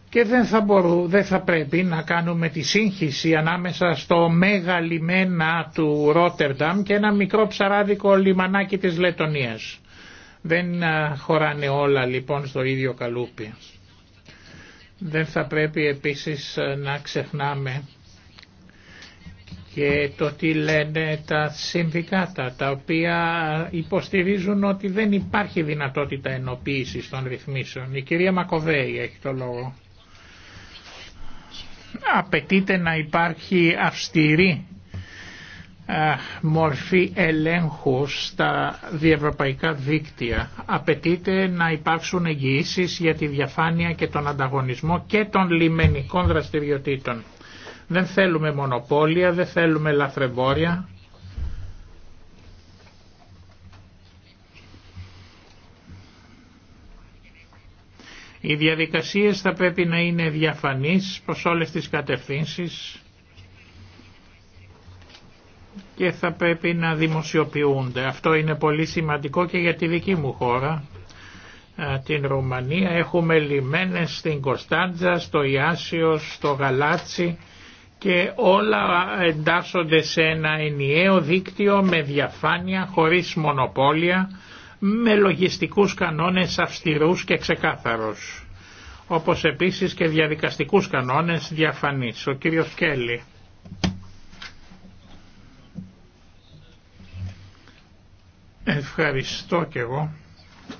Και δεν θα, πρέπει να κάνουμε τη σύγχυση ανάμεσα στο μέγα λιμένα του Ρότερνταμ και ένα μικρό ψαράδικο λιμανάκι της Λετωνίας. Δεν ε, χωράνε όλα λοιπόν στο ίδιο καλούπι. Δεν θα πρέπει επίσης ε, να ξεχνάμε και το τι λένε τα συνδικάτα τα οποία υποστηρίζουν ότι δεν υπάρχει δυνατότητα ενοποίησης των ρυθμίσεων. Η κυρία Μακοβέη έχει το λόγο. Απαιτείται να υπάρχει αυστηρή μορφή ελέγχου στα διευρωπαϊκά δίκτυα. Απαιτείται να υπάρξουν εγγυήσει για τη διαφάνεια και τον ανταγωνισμό και των λιμενικών δραστηριοτήτων. Δεν θέλουμε μονοπόλια, δεν θέλουμε λαθρεμπόρια. Οι διαδικασίες θα πρέπει να είναι διαφανείς προς όλες τις κατευθύνσεις και θα πρέπει να δημοσιοποιούνται. Αυτό είναι πολύ σημαντικό και για τη δική μου χώρα, την Ρουμανία. Έχουμε λιμένες στην Κωνσταντζα, στο Ιάσιο, στο Γαλάτσι και όλα εντάσσονται σε ένα ενιαίο δίκτυο με διαφάνεια, χωρίς μονοπόλια, με λογιστικούς κανόνες αυστηρούς και ξεκάθαρους. Όπως επίσης και διαδικαστικούς κανόνες διαφανείς. Ο κύριος Κέλλη. Ευχαριστώ και εγώ.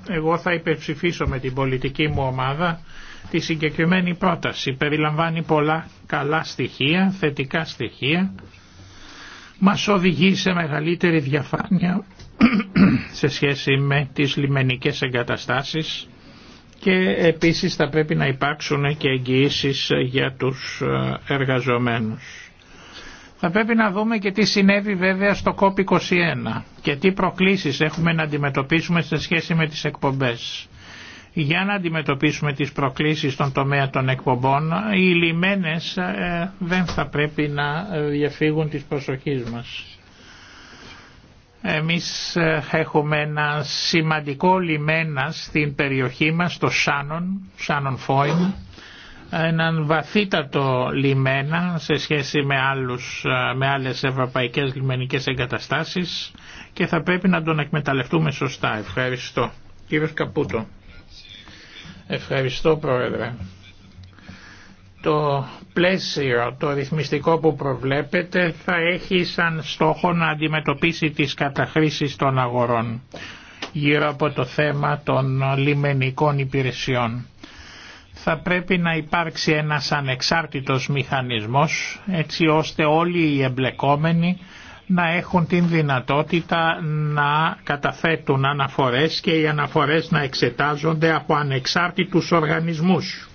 Εγώ θα υπερψηφίσω με την πολιτική μου ομάδα Τη συγκεκριμένη πρόταση περιλαμβάνει πολλά καλά στοιχεία, θετικά στοιχεία, μας οδηγεί σε μεγαλύτερη διαφάνεια σε σχέση με τις λιμενικές εγκαταστάσεις και επίσης θα πρέπει να υπάρξουν και εγγυήσει για τους ε, εργαζομένους. Θα πρέπει να δούμε και τι συνέβη βέβαια στο COP21 και τι προκλήσεις έχουμε να αντιμετωπίσουμε σε σχέση με τις εκπομπές για να αντιμετωπίσουμε τις προκλήσεις στον τομέα των εκπομπών οι λιμένες ε, δεν θα πρέπει να ε, διαφύγουν της προσοχής μας. Εμείς ε, έχουμε ένα σημαντικό λιμένα στην περιοχή μας, το Σάνον, Σάνον Φόιν, έναν βαθύτατο λιμένα σε σχέση με, άλλους, με άλλες ευρωπαϊκές λιμενικές εγκαταστάσεις και θα πρέπει να τον εκμεταλλευτούμε σωστά. Ευχαριστώ. Κύριε Καπούτο. Ευχαριστώ Πρόεδρε. Το πλαίσιο, το ρυθμιστικό που προβλέπετε θα έχει σαν στόχο να αντιμετωπίσει τις καταχρήσεις των αγορών γύρω από το θέμα των λιμενικών υπηρεσιών. Θα πρέπει να υπάρξει ένας ανεξάρτητος μηχανισμός έτσι ώστε όλοι οι εμπλεκόμενοι να έχουν την δυνατότητα να καταθέτουν αναφορές και οι αναφορές να εξετάζονται από ανεξάρτητους οργανισμούς.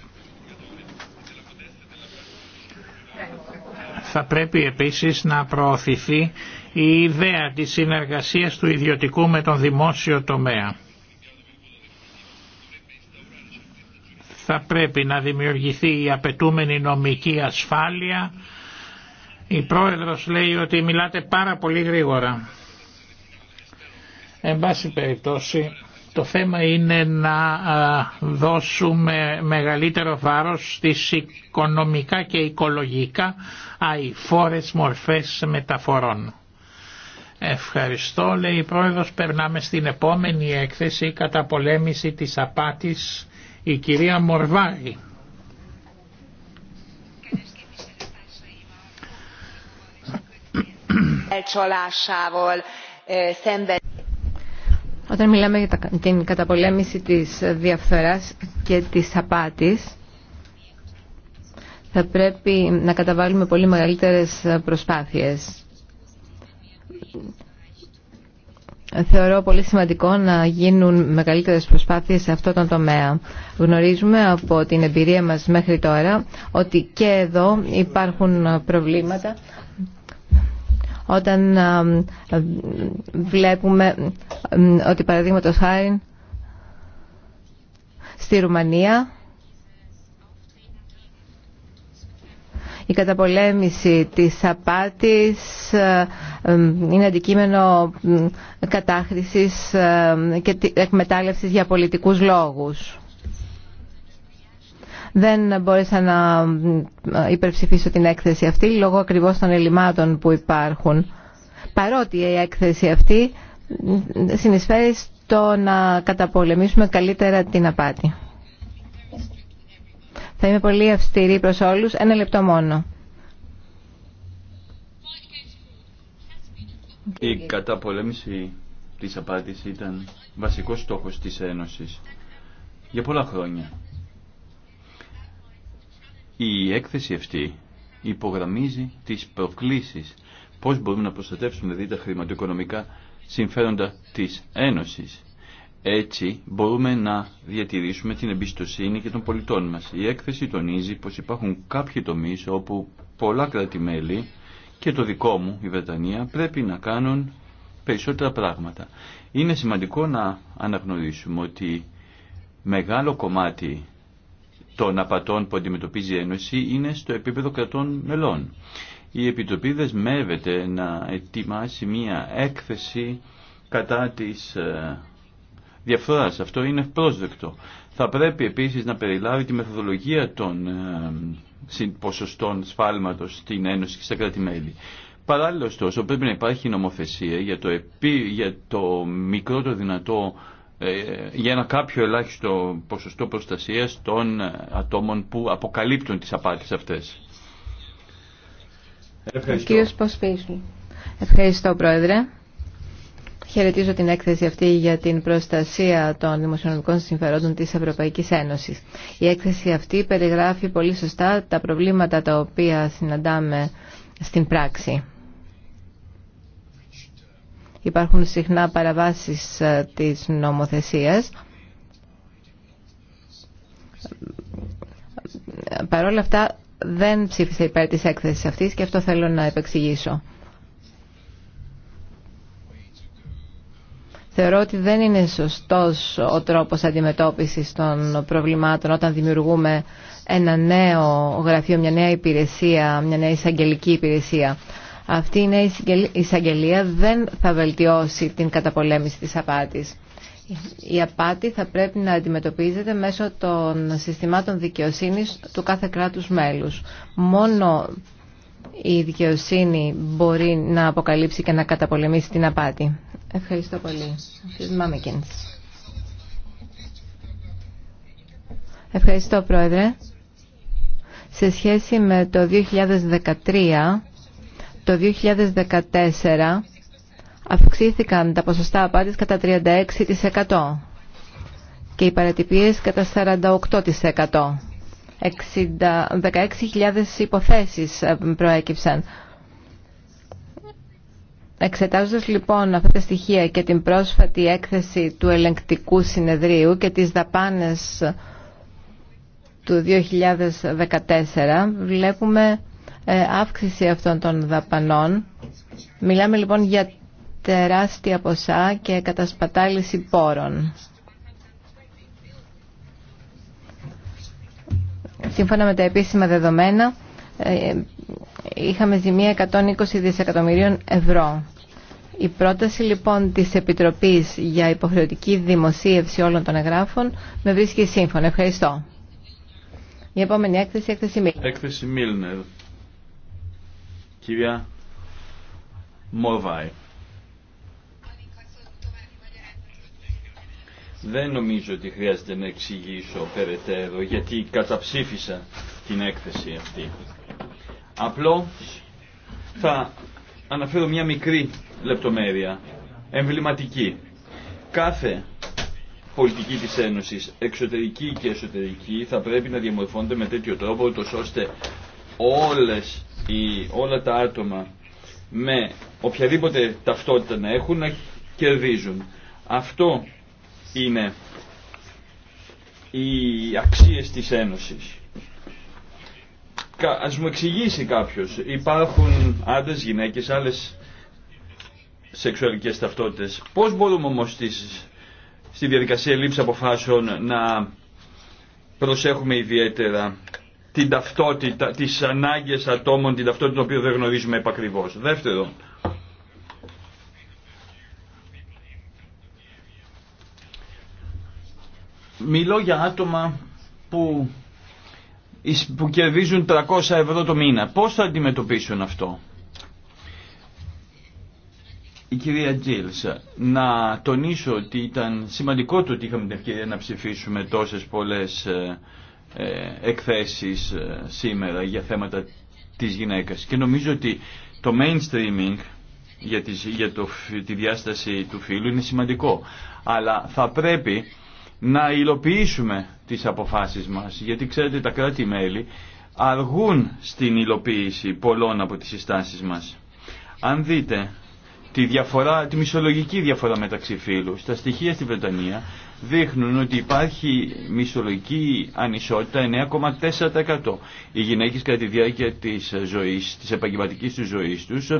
Θα πρέπει επίσης να προωθηθεί η ιδέα της συνεργασίας του ιδιωτικού με τον δημόσιο τομέα. Θα πρέπει να δημιουργηθεί η απαιτούμενη νομική ασφάλεια η πρόεδρος λέει ότι μιλάτε πάρα πολύ γρήγορα. Εν πάση περιπτώσει, το θέμα είναι να δώσουμε μεγαλύτερο βάρος στις οικονομικά και οικολογικά αηφόρες μορφές μεταφορών. Ευχαριστώ, λέει η Πρόεδρος. Περνάμε στην επόμενη έκθεση κατά πολέμηση της απάτης, η κυρία Μορβάγη. Όταν μιλάμε για την καταπολέμηση της διαφθοράς και της απάτης, θα πρέπει να καταβάλουμε πολύ μεγαλύτερες προσπάθειες. Θεωρώ πολύ σημαντικό να γίνουν μεγαλύτερες προσπάθειες σε αυτό τον τομέα. Γνωρίζουμε από την εμπειρία μας μέχρι τώρα ότι και εδώ υπάρχουν προβλήματα όταν ε, ε, βλέπουμε ε, ότι παραδείγματο χάρη στη Ρουμανία η καταπολέμηση της απάτης είναι αντικείμενο κατάχρησης και εκμετάλλευσης για πολιτικούς λόγους. Δεν μπόρεσα να υπερψηφίσω την έκθεση αυτή λόγω ακριβώς των ελλημάτων που υπάρχουν. Παρότι η έκθεση αυτή συνεισφέρει στο να καταπολεμήσουμε καλύτερα την απάτη. Θα είμαι πολύ αυστηρή προς όλους. Ένα λεπτό μόνο. Η καταπολέμηση της απάτης ήταν βασικός στόχος της Ένωσης για πολλά χρόνια. Η έκθεση αυτή υπογραμμίζει τις προκλήσεις, πώς μπορούμε να προστατεύσουμε δηλαδή τα χρηματοοικονομικά συμφέροντα της Ένωσης. Έτσι μπορούμε να διατηρήσουμε την εμπιστοσύνη και των πολιτών μας. Η έκθεση τονίζει πως υπάρχουν κάποιοι τομείς όπου πολλά και το δικό μου, η Βρετανία, πρέπει να κάνουν περισσότερα πράγματα. Είναι σημαντικό να αναγνωρίσουμε ότι μεγάλο κομμάτι των απατών που αντιμετωπίζει η Ένωση είναι στο επίπεδο κρατών μελών. Η Επιτροπή δεσμεύεται να ετοιμάσει μία έκθεση κατά της ε, διαφθοράς. Αυτό είναι πρόσδεκτο. Θα πρέπει επίσης να περιλάβει τη μεθοδολογία των ε, ποσοστών σφάλματος στην Ένωση και στα κράτη-μέλη. Παράλληλα, ωστόσο, πρέπει να υπάρχει νομοθεσία για το, επί, για το μικρότερο δυνατό ε, για ένα κάποιο ελάχιστο ποσοστό προστασίας των ε, ατόμων που αποκαλύπτουν τις απάτες αυτές. Ευχαριστώ. Ευχαριστώ Πρόεδρε. Χαιρετίζω την έκθεση αυτή για την προστασία των δημοσιονομικών συμφερόντων της Ευρωπαϊκής Ένωσης. Η έκθεση αυτή περιγράφει πολύ σωστά τα προβλήματα τα οποία συναντάμε στην πράξη υπάρχουν συχνά παραβάσεις ε, της νομοθεσίας. Παρ' όλα αυτά δεν ψήφισα υπέρ της έκθεσης αυτής και αυτό θέλω να επεξηγήσω. Θεωρώ ότι δεν είναι σωστός ο τρόπος αντιμετώπισης των προβλημάτων όταν δημιουργούμε ένα νέο γραφείο, μια νέα υπηρεσία, μια νέα εισαγγελική υπηρεσία αυτή η νέα εισαγγελία δεν θα βελτιώσει την καταπολέμηση της απάτης. Η απάτη θα πρέπει να αντιμετωπίζεται μέσω των συστημάτων δικαιοσύνης του κάθε κράτους μέλους. Μόνο η δικαιοσύνη μπορεί να αποκαλύψει και να καταπολεμήσει την απάτη. Ευχαριστώ πολύ. Ευχαριστώ, Πρόεδρε. Σε σχέση με το 2013, το 2014 αυξήθηκαν τα ποσοστά απάτης κατά 36% και οι παρατυπίες κατά 48%. 16.000 υποθέσεις ε, προέκυψαν. Εξετάζοντας λοιπόν αυτά τα στοιχεία και την πρόσφατη έκθεση του ελεγκτικού συνεδρίου και τις δαπάνες του 2014, βλέπουμε ε, αύξηση αυτών των δαπανών. Μιλάμε λοιπόν για τεράστια ποσά και κατασπατάληση πόρων. Σύμφωνα με τα επίσημα δεδομένα, ε, είχαμε ζημία 120 δισεκατομμυρίων ευρώ. Η πρόταση λοιπόν της Επιτροπής για υποχρεωτική δημοσίευση όλων των εγγράφων με βρίσκει σύμφωνα. Ευχαριστώ. Η επόμενη έκθεση, Έκθεση Μίλνερ. Κυρία Μόρβαη. Δεν νομίζω ότι χρειάζεται να εξηγήσω περαιτέρω γιατί καταψήφισα την έκθεση αυτή. Απλώς θα αναφέρω μια μικρή λεπτομέρεια, εμβληματική. Κάθε πολιτική της Ένωσης, εξωτερική και εσωτερική, θα πρέπει να διαμορφώνεται με τέτοιο τρόπο, ώστε όλες οι, όλα τα άτομα με οποιαδήποτε ταυτότητα να έχουν να κερδίζουν. Αυτό είναι οι αξίες της Ένωσης. Ας μου εξηγήσει κάποιος, υπάρχουν άντρες, γυναίκες, άλλες σεξουαλικές ταυτότητες. Πώς μπορούμε όμως στη διαδικασία λήψη αποφάσεων να προσέχουμε ιδιαίτερα την ταυτότητα, τις ανάγκες ατόμων, την ταυτότητα το οποίο δεν γνωρίζουμε επακριβώς. Δεύτερον, μιλώ για άτομα που, που κερδίζουν 300 ευρώ το μήνα. Πώς θα αντιμετωπίσουν αυτό. Η κυρία Τζίλς, να τονίσω ότι ήταν σημαντικό το ότι είχαμε την ευκαιρία να ψηφίσουμε τόσες πολλές ε, ε, εκθέσεις ε, σήμερα για θέματα της γυναίκας. Και νομίζω ότι το mainstreaming για, για τη διάσταση του φύλου είναι σημαντικό. Αλλά θα πρέπει να υλοποιήσουμε τις αποφάσεις μας, γιατί ξέρετε τα κράτη-μέλη αργούν στην υλοποίηση πολλών από τις συστάσεις μας. Αν δείτε τη, διαφορά, τη μισολογική διαφορά μεταξύ φίλου στα στοιχεία στη Βρετανία δείχνουν ότι υπάρχει μισολογική ανισότητα 9,4%. Οι γυναίκες κατά τη διάρκεια της ζωής, της επαγγελματικής τους ζωής τους,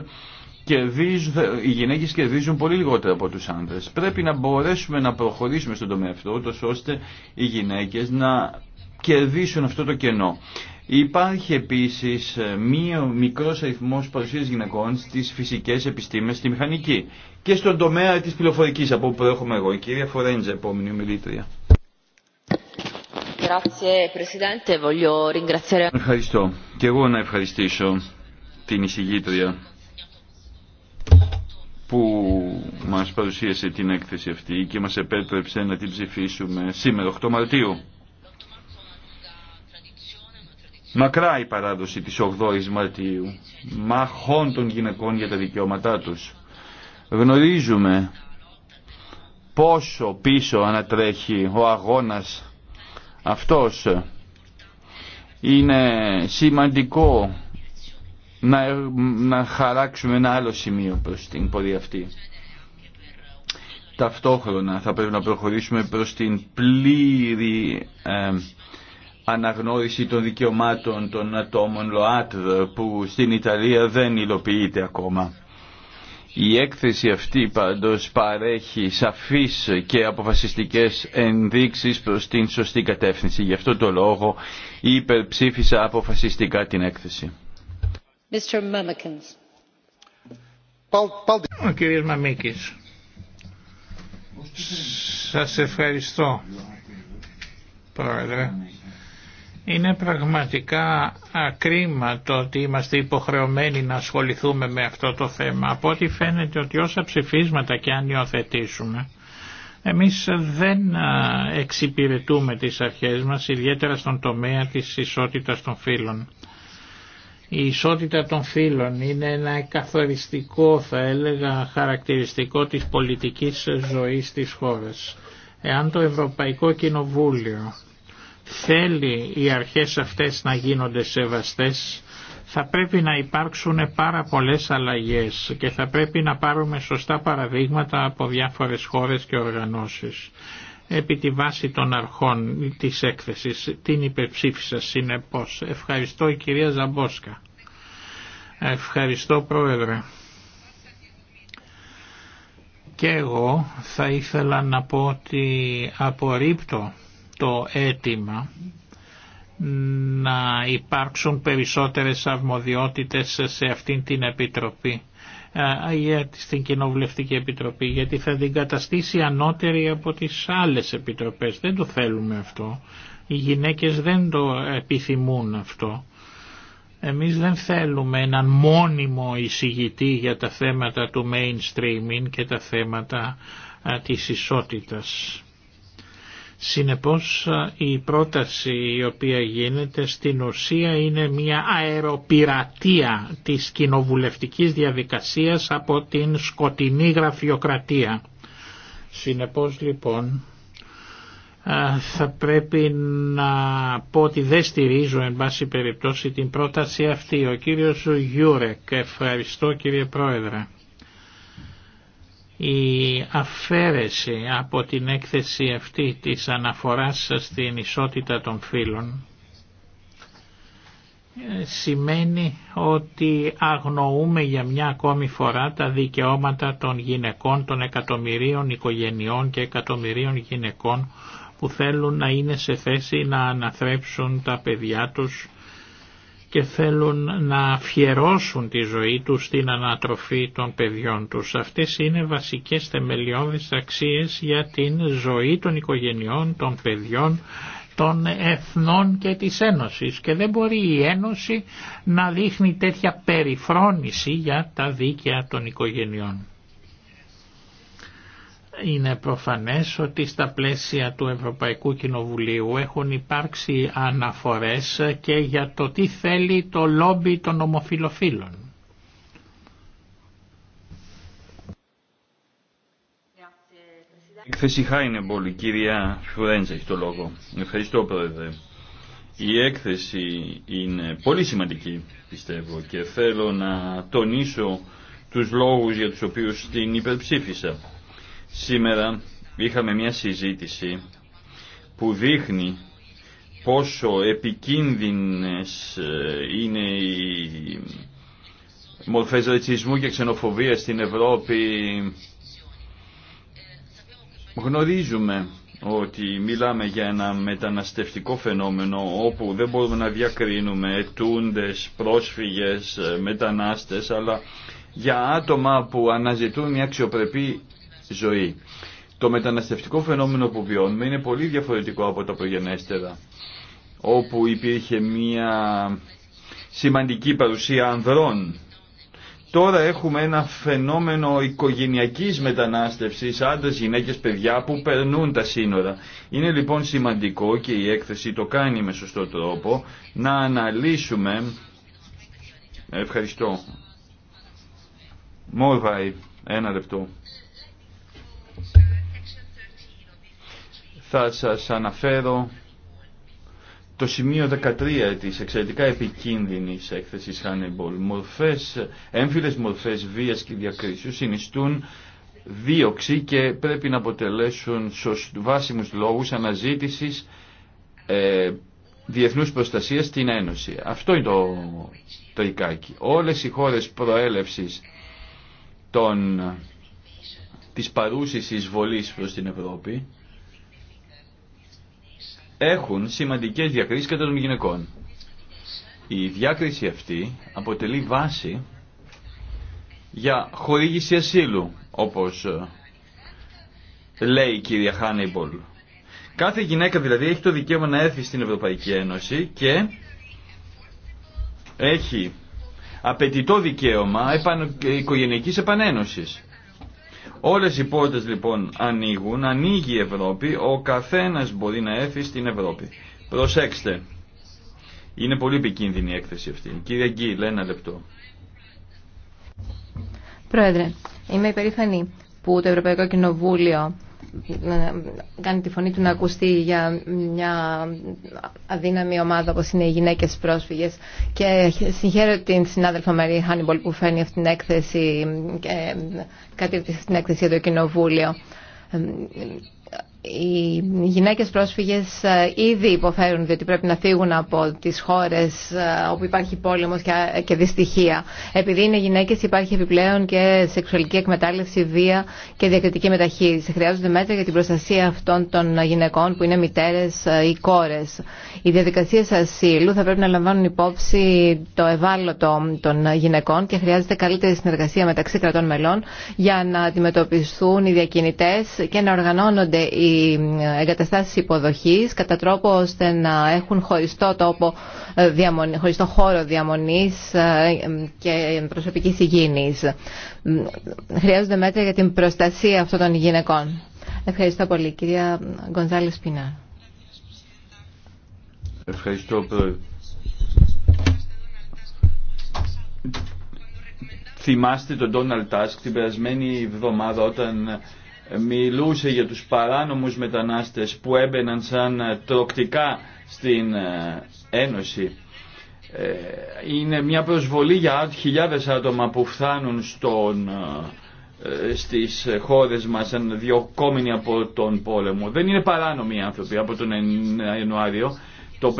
κερδίζουν, οι γυναίκες κερδίζουν πολύ λιγότερα από τους άνδρες. Πρέπει να μπορέσουμε να προχωρήσουμε στον τομέα αυτό, ώστε οι γυναίκες να κερδίσουν αυτό το κενό. Υπάρχει επίσης ε, μία μικρός αριθμός παρουσία γυναικών στις φυσικές επιστήμες, στη μηχανική και στον τομέα της πληροφορικής από όπου προέρχομαι εγώ. Η κυρία Φορέντζα, επόμενη ομιλήτρια. Ευχαριστώ. Και εγώ να ευχαριστήσω την εισηγήτρια που μας παρουσίασε την έκθεση αυτή και μας επέτρεψε να την ψηφίσουμε σήμερα 8 Μαρτίου. Μακρά η παράδοση της 8ης Μαρτίου, μαχών των γυναικών για τα δικαιώματά τους. Γνωρίζουμε πόσο πίσω ανατρέχει ο αγώνας αυτός. Είναι σημαντικό να, να χαράξουμε ένα άλλο σημείο προς την πορεία αυτή. Ταυτόχρονα θα πρέπει να προχωρήσουμε προς την πλήρη... Ε, αναγνώριση των δικαιωμάτων των ατόμων ΛΟΑΤΔ που στην Ιταλία δεν υλοποιείται ακόμα. Η έκθεση αυτή πάντως παρέχει σαφείς και αποφασιστικές ενδείξεις προς την σωστή κατεύθυνση. Γι' αυτό το λόγο υπερψήφισα αποφασιστικά την έκθεση. Mr. Ο Μαμίκης, σας ευχαριστώ, Πρόεδρε. Είναι πραγματικά ακρίμα το ότι είμαστε υποχρεωμένοι να ασχοληθούμε με αυτό το θέμα. Από ό,τι φαίνεται ότι όσα ψηφίσματα και αν υιοθετήσουμε, εμείς δεν εξυπηρετούμε τις αρχές μας, ιδιαίτερα στον τομέα της ισότητας των φύλων. Η ισότητα των φύλων είναι ένα καθοριστικό, θα έλεγα, χαρακτηριστικό της πολιτικής ζωής της χώρας. Εάν το Ευρωπαϊκό Κοινοβούλιο θέλει οι αρχές αυτές να γίνονται σεβαστές θα πρέπει να υπάρξουν πάρα πολλές αλλαγές και θα πρέπει να πάρουμε σωστά παραδείγματα από διάφορες χώρες και οργανώσεις. Επί τη βάση των αρχών της έκθεσης την υπεψήφισα συνεπώς. Ευχαριστώ η κυρία Ζαμπόσκα. Ευχαριστώ πρόεδρε. Και εγώ θα ήθελα να πω ότι απορρίπτω το αίτημα να υπάρξουν περισσότερες αρμοδιότητες σε αυτήν την Επιτροπή, ε, στην Κοινοβουλευτική Επιτροπή, γιατί θα την καταστήσει ανώτερη από τις άλλες επιτροπές. Δεν το θέλουμε αυτό. Οι γυναίκες δεν το επιθυμούν αυτό. Εμείς δεν θέλουμε έναν μόνιμο εισηγητή για τα θέματα του mainstreaming και τα θέματα ε, της ισότητας. Συνεπώς η πρόταση η οποία γίνεται στην ουσία είναι μια αεροπειρατεία της κοινοβουλευτικής διαδικασίας από την σκοτεινή γραφειοκρατία. Συνεπώς λοιπόν θα πρέπει να πω ότι δεν στηρίζω εν πάση περιπτώσει την πρόταση αυτή. Ο κύριος Γιούρεκ, ευχαριστώ κύριε Πρόεδρε η αφαίρεση από την έκθεση αυτή της αναφοράς στην ισότητα των φίλων ε, σημαίνει ότι αγνοούμε για μια ακόμη φορά τα δικαιώματα των γυναικών, των εκατομμυρίων οικογενειών και εκατομμυρίων γυναικών που θέλουν να είναι σε θέση να αναθρέψουν τα παιδιά τους και θέλουν να αφιερώσουν τη ζωή τους στην ανατροφή των παιδιών τους. Αυτές είναι βασικές θεμελιώδεις αξίες για την ζωή των οικογενειών, των παιδιών, των εθνών και της Ένωσης και δεν μπορεί η Ένωση να δείχνει τέτοια περιφρόνηση για τα δίκαια των οικογενειών είναι προφανές ότι στα πλαίσια του Ευρωπαϊκού Κοινοβουλίου έχουν υπάρξει αναφορές και για το τι θέλει το λόμπι των ομοφιλοφίλων. Έκθεση Χάινεμπολ, η κυρία έχει το λόγο. Ευχαριστώ πρόεδρε. Η έκθεση είναι πολύ σημαντική πιστεύω και θέλω να τονίσω τους λόγους για τους οποίους την υπερψήφισα Σήμερα είχαμε μια συζήτηση που δείχνει πόσο επικίνδυνες ε, είναι οι μορφές ρετσισμού και ξενοφοβίας στην Ευρώπη. Γνωρίζουμε ότι μιλάμε για ένα μεταναστευτικό φαινόμενο όπου δεν μπορούμε να διακρίνουμε ετούντες, πρόσφυγες, ε, μετανάστες αλλά για άτομα που αναζητούν μια αξιοπρεπή ζωή. Το μεταναστευτικό φαινόμενο που βιώνουμε είναι πολύ διαφορετικό από τα προγενέστερα, όπου υπήρχε μια σημαντική παρουσία ανδρών. Τώρα έχουμε ένα φαινόμενο οικογενειακής μετανάστευσης, άντρες, γυναίκες, παιδιά που περνούν τα σύνορα. Είναι λοιπόν σημαντικό και η έκθεση το κάνει με σωστό τρόπο να αναλύσουμε... Ευχαριστώ. Μόρβαι, ένα λεπτό. θα σας αναφέρω το σημείο 13 της εξαιρετικά επικίνδυνης έκθεσης Hannibal. Μορφές, έμφυλες μορφές βίας και διακρίσεως συνιστούν δίωξη και πρέπει να αποτελέσουν σωσ... βάσιμους λόγους αναζήτησης ε, διεθνούς προστασίας στην Ένωση. Αυτό είναι το τρικάκι. Όλες οι χώρες προέλευσης των, της παρούσης εισβολής προς την Ευρώπη έχουν σημαντικές διακρίσεις κατά των γυναικών. Η διάκριση αυτή αποτελεί βάση για χορήγηση ασύλου, όπως ε, λέει η κυρία Χάνιμπολ. Κάθε γυναίκα δηλαδή έχει το δικαίωμα να έρθει στην Ευρωπαϊκή Ένωση και έχει απαιτητό δικαίωμα οικογενειακής επανένωσης. Όλες οι πόρτες λοιπόν ανοίγουν, ανοίγει η Ευρώπη, ο καθένας μπορεί να έρθει στην Ευρώπη. Προσέξτε, είναι πολύ επικίνδυνη η έκθεση αυτή. Κύριε λέει ένα λεπτό. Πρόεδρε, είμαι υπερήφανη που το Ευρωπαϊκό Κοινοβούλιο κάνει τη φωνή του να ακουστεί για μια αδύναμη ομάδα όπως είναι οι γυναίκες πρόσφυγες και συγχαίρω την συνάδελφα Μαρία Χάνιμπολ που φέρνει αυτή την έκθεση και ε, κατήρτισε την έκθεση για το Κοινοβούλιο οι γυναίκες πρόσφυγες ε, ήδη υποφέρουν διότι πρέπει να φύγουν από τις χώρες ε, όπου υπάρχει πόλεμος ε, και δυστυχία. Επειδή είναι γυναίκες υπάρχει επιπλέον και σεξουαλική εκμετάλλευση, βία και διακριτική μεταχείριση. Χρειάζονται μέτρα για την προστασία αυτών των γυναικών που είναι μητέρες ή κόρες. Οι διαδικασίες ασύλου θα πρέπει να λαμβάνουν υπόψη το ευάλωτο των γυναικών και χρειάζεται καλύτερη συνεργασία μεταξύ κρατών μελών για να αντιμετωπιστούν οι διακινητές και να οργανώνονται οι εγκαταστάσει υποδοχή υποδοχής κατά τρόπο ώστε να έχουν χωριστό, τόπο, ε, χωριστό χώρο διαμονής ε, και προσωπική υγιεινής. Χρειάζονται μέτρα για την προστασία αυτών των γυναικών. Ευχαριστώ πολύ. Κυρία Γκονζάλη Σπινά. Ευχαριστώ, Θυμάστε τον Donald Τάσκ την περασμένη εβδομάδα όταν μιλούσε για τους παράνομους μετανάστες που έμπαιναν σαν ε, τροκτικά στην ε, Ένωση. Ε, είναι μια προσβολή για χιλιάδες άτομα που φθάνουν στον, στις χώρες μας διοκόμενοι από τον πόλεμο. Δεν είναι παράνομοι οι άνθρωποι από τον Ιανουάριο. Το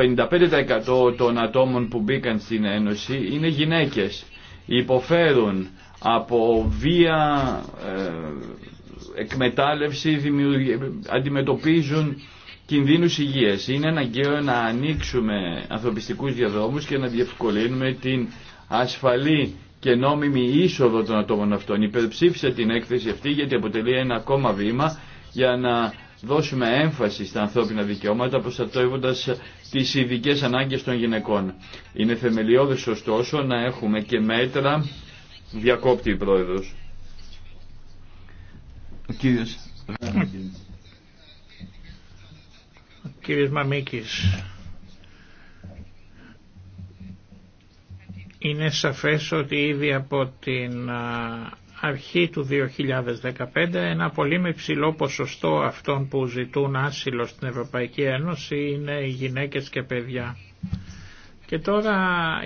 55% των ατόμων που μπήκαν στην Ένωση είναι γυναίκες. Υποφέρουν από βία, εκμετάλλευση αντιμετωπίζουν κινδύνους υγείας. Είναι αναγκαίο να ανοίξουμε ανθρωπιστικούς διαδρόμους και να διευκολύνουμε την ασφαλή και νόμιμη είσοδο των ατόμων αυτών. Υπερψήφισα την έκθεση αυτή γιατί αποτελεί ένα ακόμα βήμα για να δώσουμε έμφαση στα ανθρώπινα δικαιώματα προστατεύοντα τις ειδικέ ανάγκες των γυναικών. Είναι θεμελιώδες ωστόσο να έχουμε και μέτρα διακόπτη η ο κύριος... Είναι σαφές ότι ήδη από την αρχή του 2015 ένα πολύ με ψηλό ποσοστό αυτών που ζητούν άσυλο στην Ευρωπαϊκή Ένωση είναι οι γυναίκες και παιδιά. Και τώρα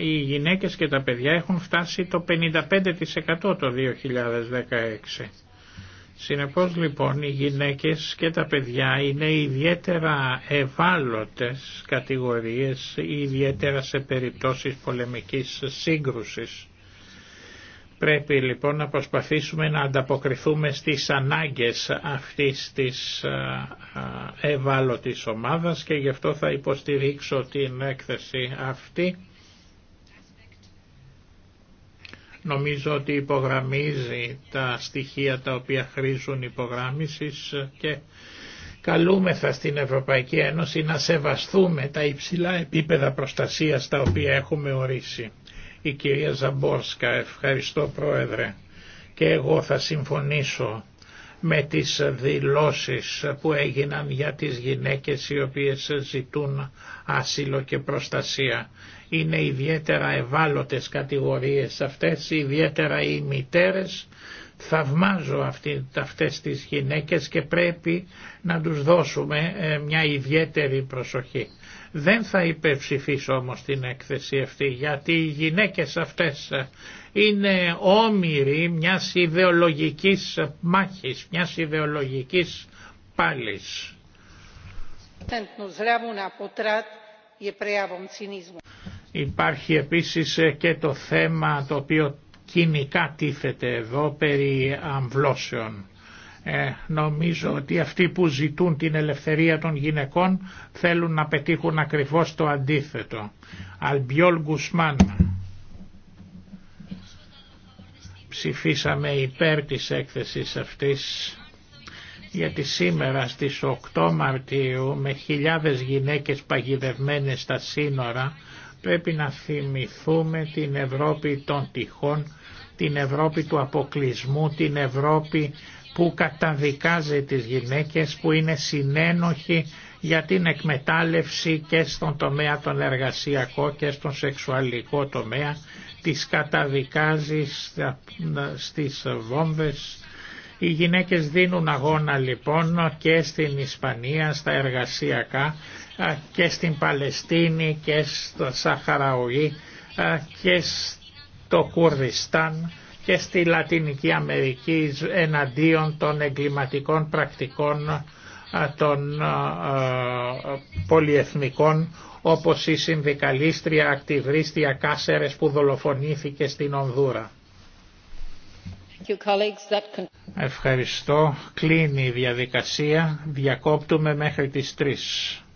οι γυναίκες και τα παιδιά έχουν φτάσει το 55% το 2016. Συνεπώς λοιπόν οι γυναίκες και τα παιδιά είναι ιδιαίτερα ευάλωτες κατηγορίες, ιδιαίτερα σε περιπτώσεις πολεμικής σύγκρουσης. Πρέπει λοιπόν να προσπαθήσουμε να ανταποκριθούμε στις ανάγκες αυτής της ευάλωτης ομάδας και γι' αυτό θα υποστηρίξω την έκθεση αυτή Νομίζω ότι υπογραμμίζει τα στοιχεία τα οποία χρήζουν υπογράμμιση και καλούμεθα στην Ευρωπαϊκή Ένωση να σεβαστούμε τα υψηλά επίπεδα προστασίας τα οποία έχουμε ορίσει. Η κυρία Ζαμπόρσκα, ευχαριστώ Πρόεδρε. Και εγώ θα συμφωνήσω με τις δηλώσεις που έγιναν για τις γυναίκες οι οποίες ζητούν άσυλο και προστασία. Είναι ιδιαίτερα ευάλωτες κατηγορίες αυτές, ιδιαίτερα οι μητέρες. Θαυμάζω τα αυτές τις γυναίκες και πρέπει να τους δώσουμε ε, μια ιδιαίτερη προσοχή. Δεν θα υπερψηφίσω όμως την έκθεση αυτή γιατί οι γυναίκες αυτές ε, είναι όμοιροι μια ιδεολογικής μάχης, μια ιδεολογικής πάλης. Υπάρχει επίσης και το θέμα το οποίο κοινικά τίθεται εδώ περί αμβλώσεων. Ε, νομίζω ότι αυτοί που ζητούν την ελευθερία των γυναικών θέλουν να πετύχουν ακριβώς το αντίθετο. Αλμπιόλ Γκουσμάν ψηφίσαμε υπέρ της έκθεσης αυτής γιατί σήμερα στις 8 Μαρτίου με χιλιάδες γυναίκες παγιδευμένες στα σύνορα πρέπει να θυμηθούμε την Ευρώπη των τυχών, την Ευρώπη του αποκλεισμού, την Ευρώπη που καταδικάζει τις γυναίκες που είναι συνένοχοι για την εκμετάλλευση και στον τομέα τον εργασιακό και στον σεξουαλικό τομέα τις καταδικάζει στις βόμβες. Οι γυναίκες δίνουν αγώνα λοιπόν και στην Ισπανία, στα εργασιακά και στην Παλαιστίνη και στο Σαχαραουή και στο Κουρδιστάν και στη Λατινική Αμερική εναντίον των εγκληματικών πρακτικών των πολιεθνικών όπως η συνδικαλίστρια ακτιβρίστια Κάσερες που δολοφονήθηκε στην Ονδούρα. Ευχαριστώ. Κλείνει η διαδικασία. Διακόπτουμε μέχρι τις 3.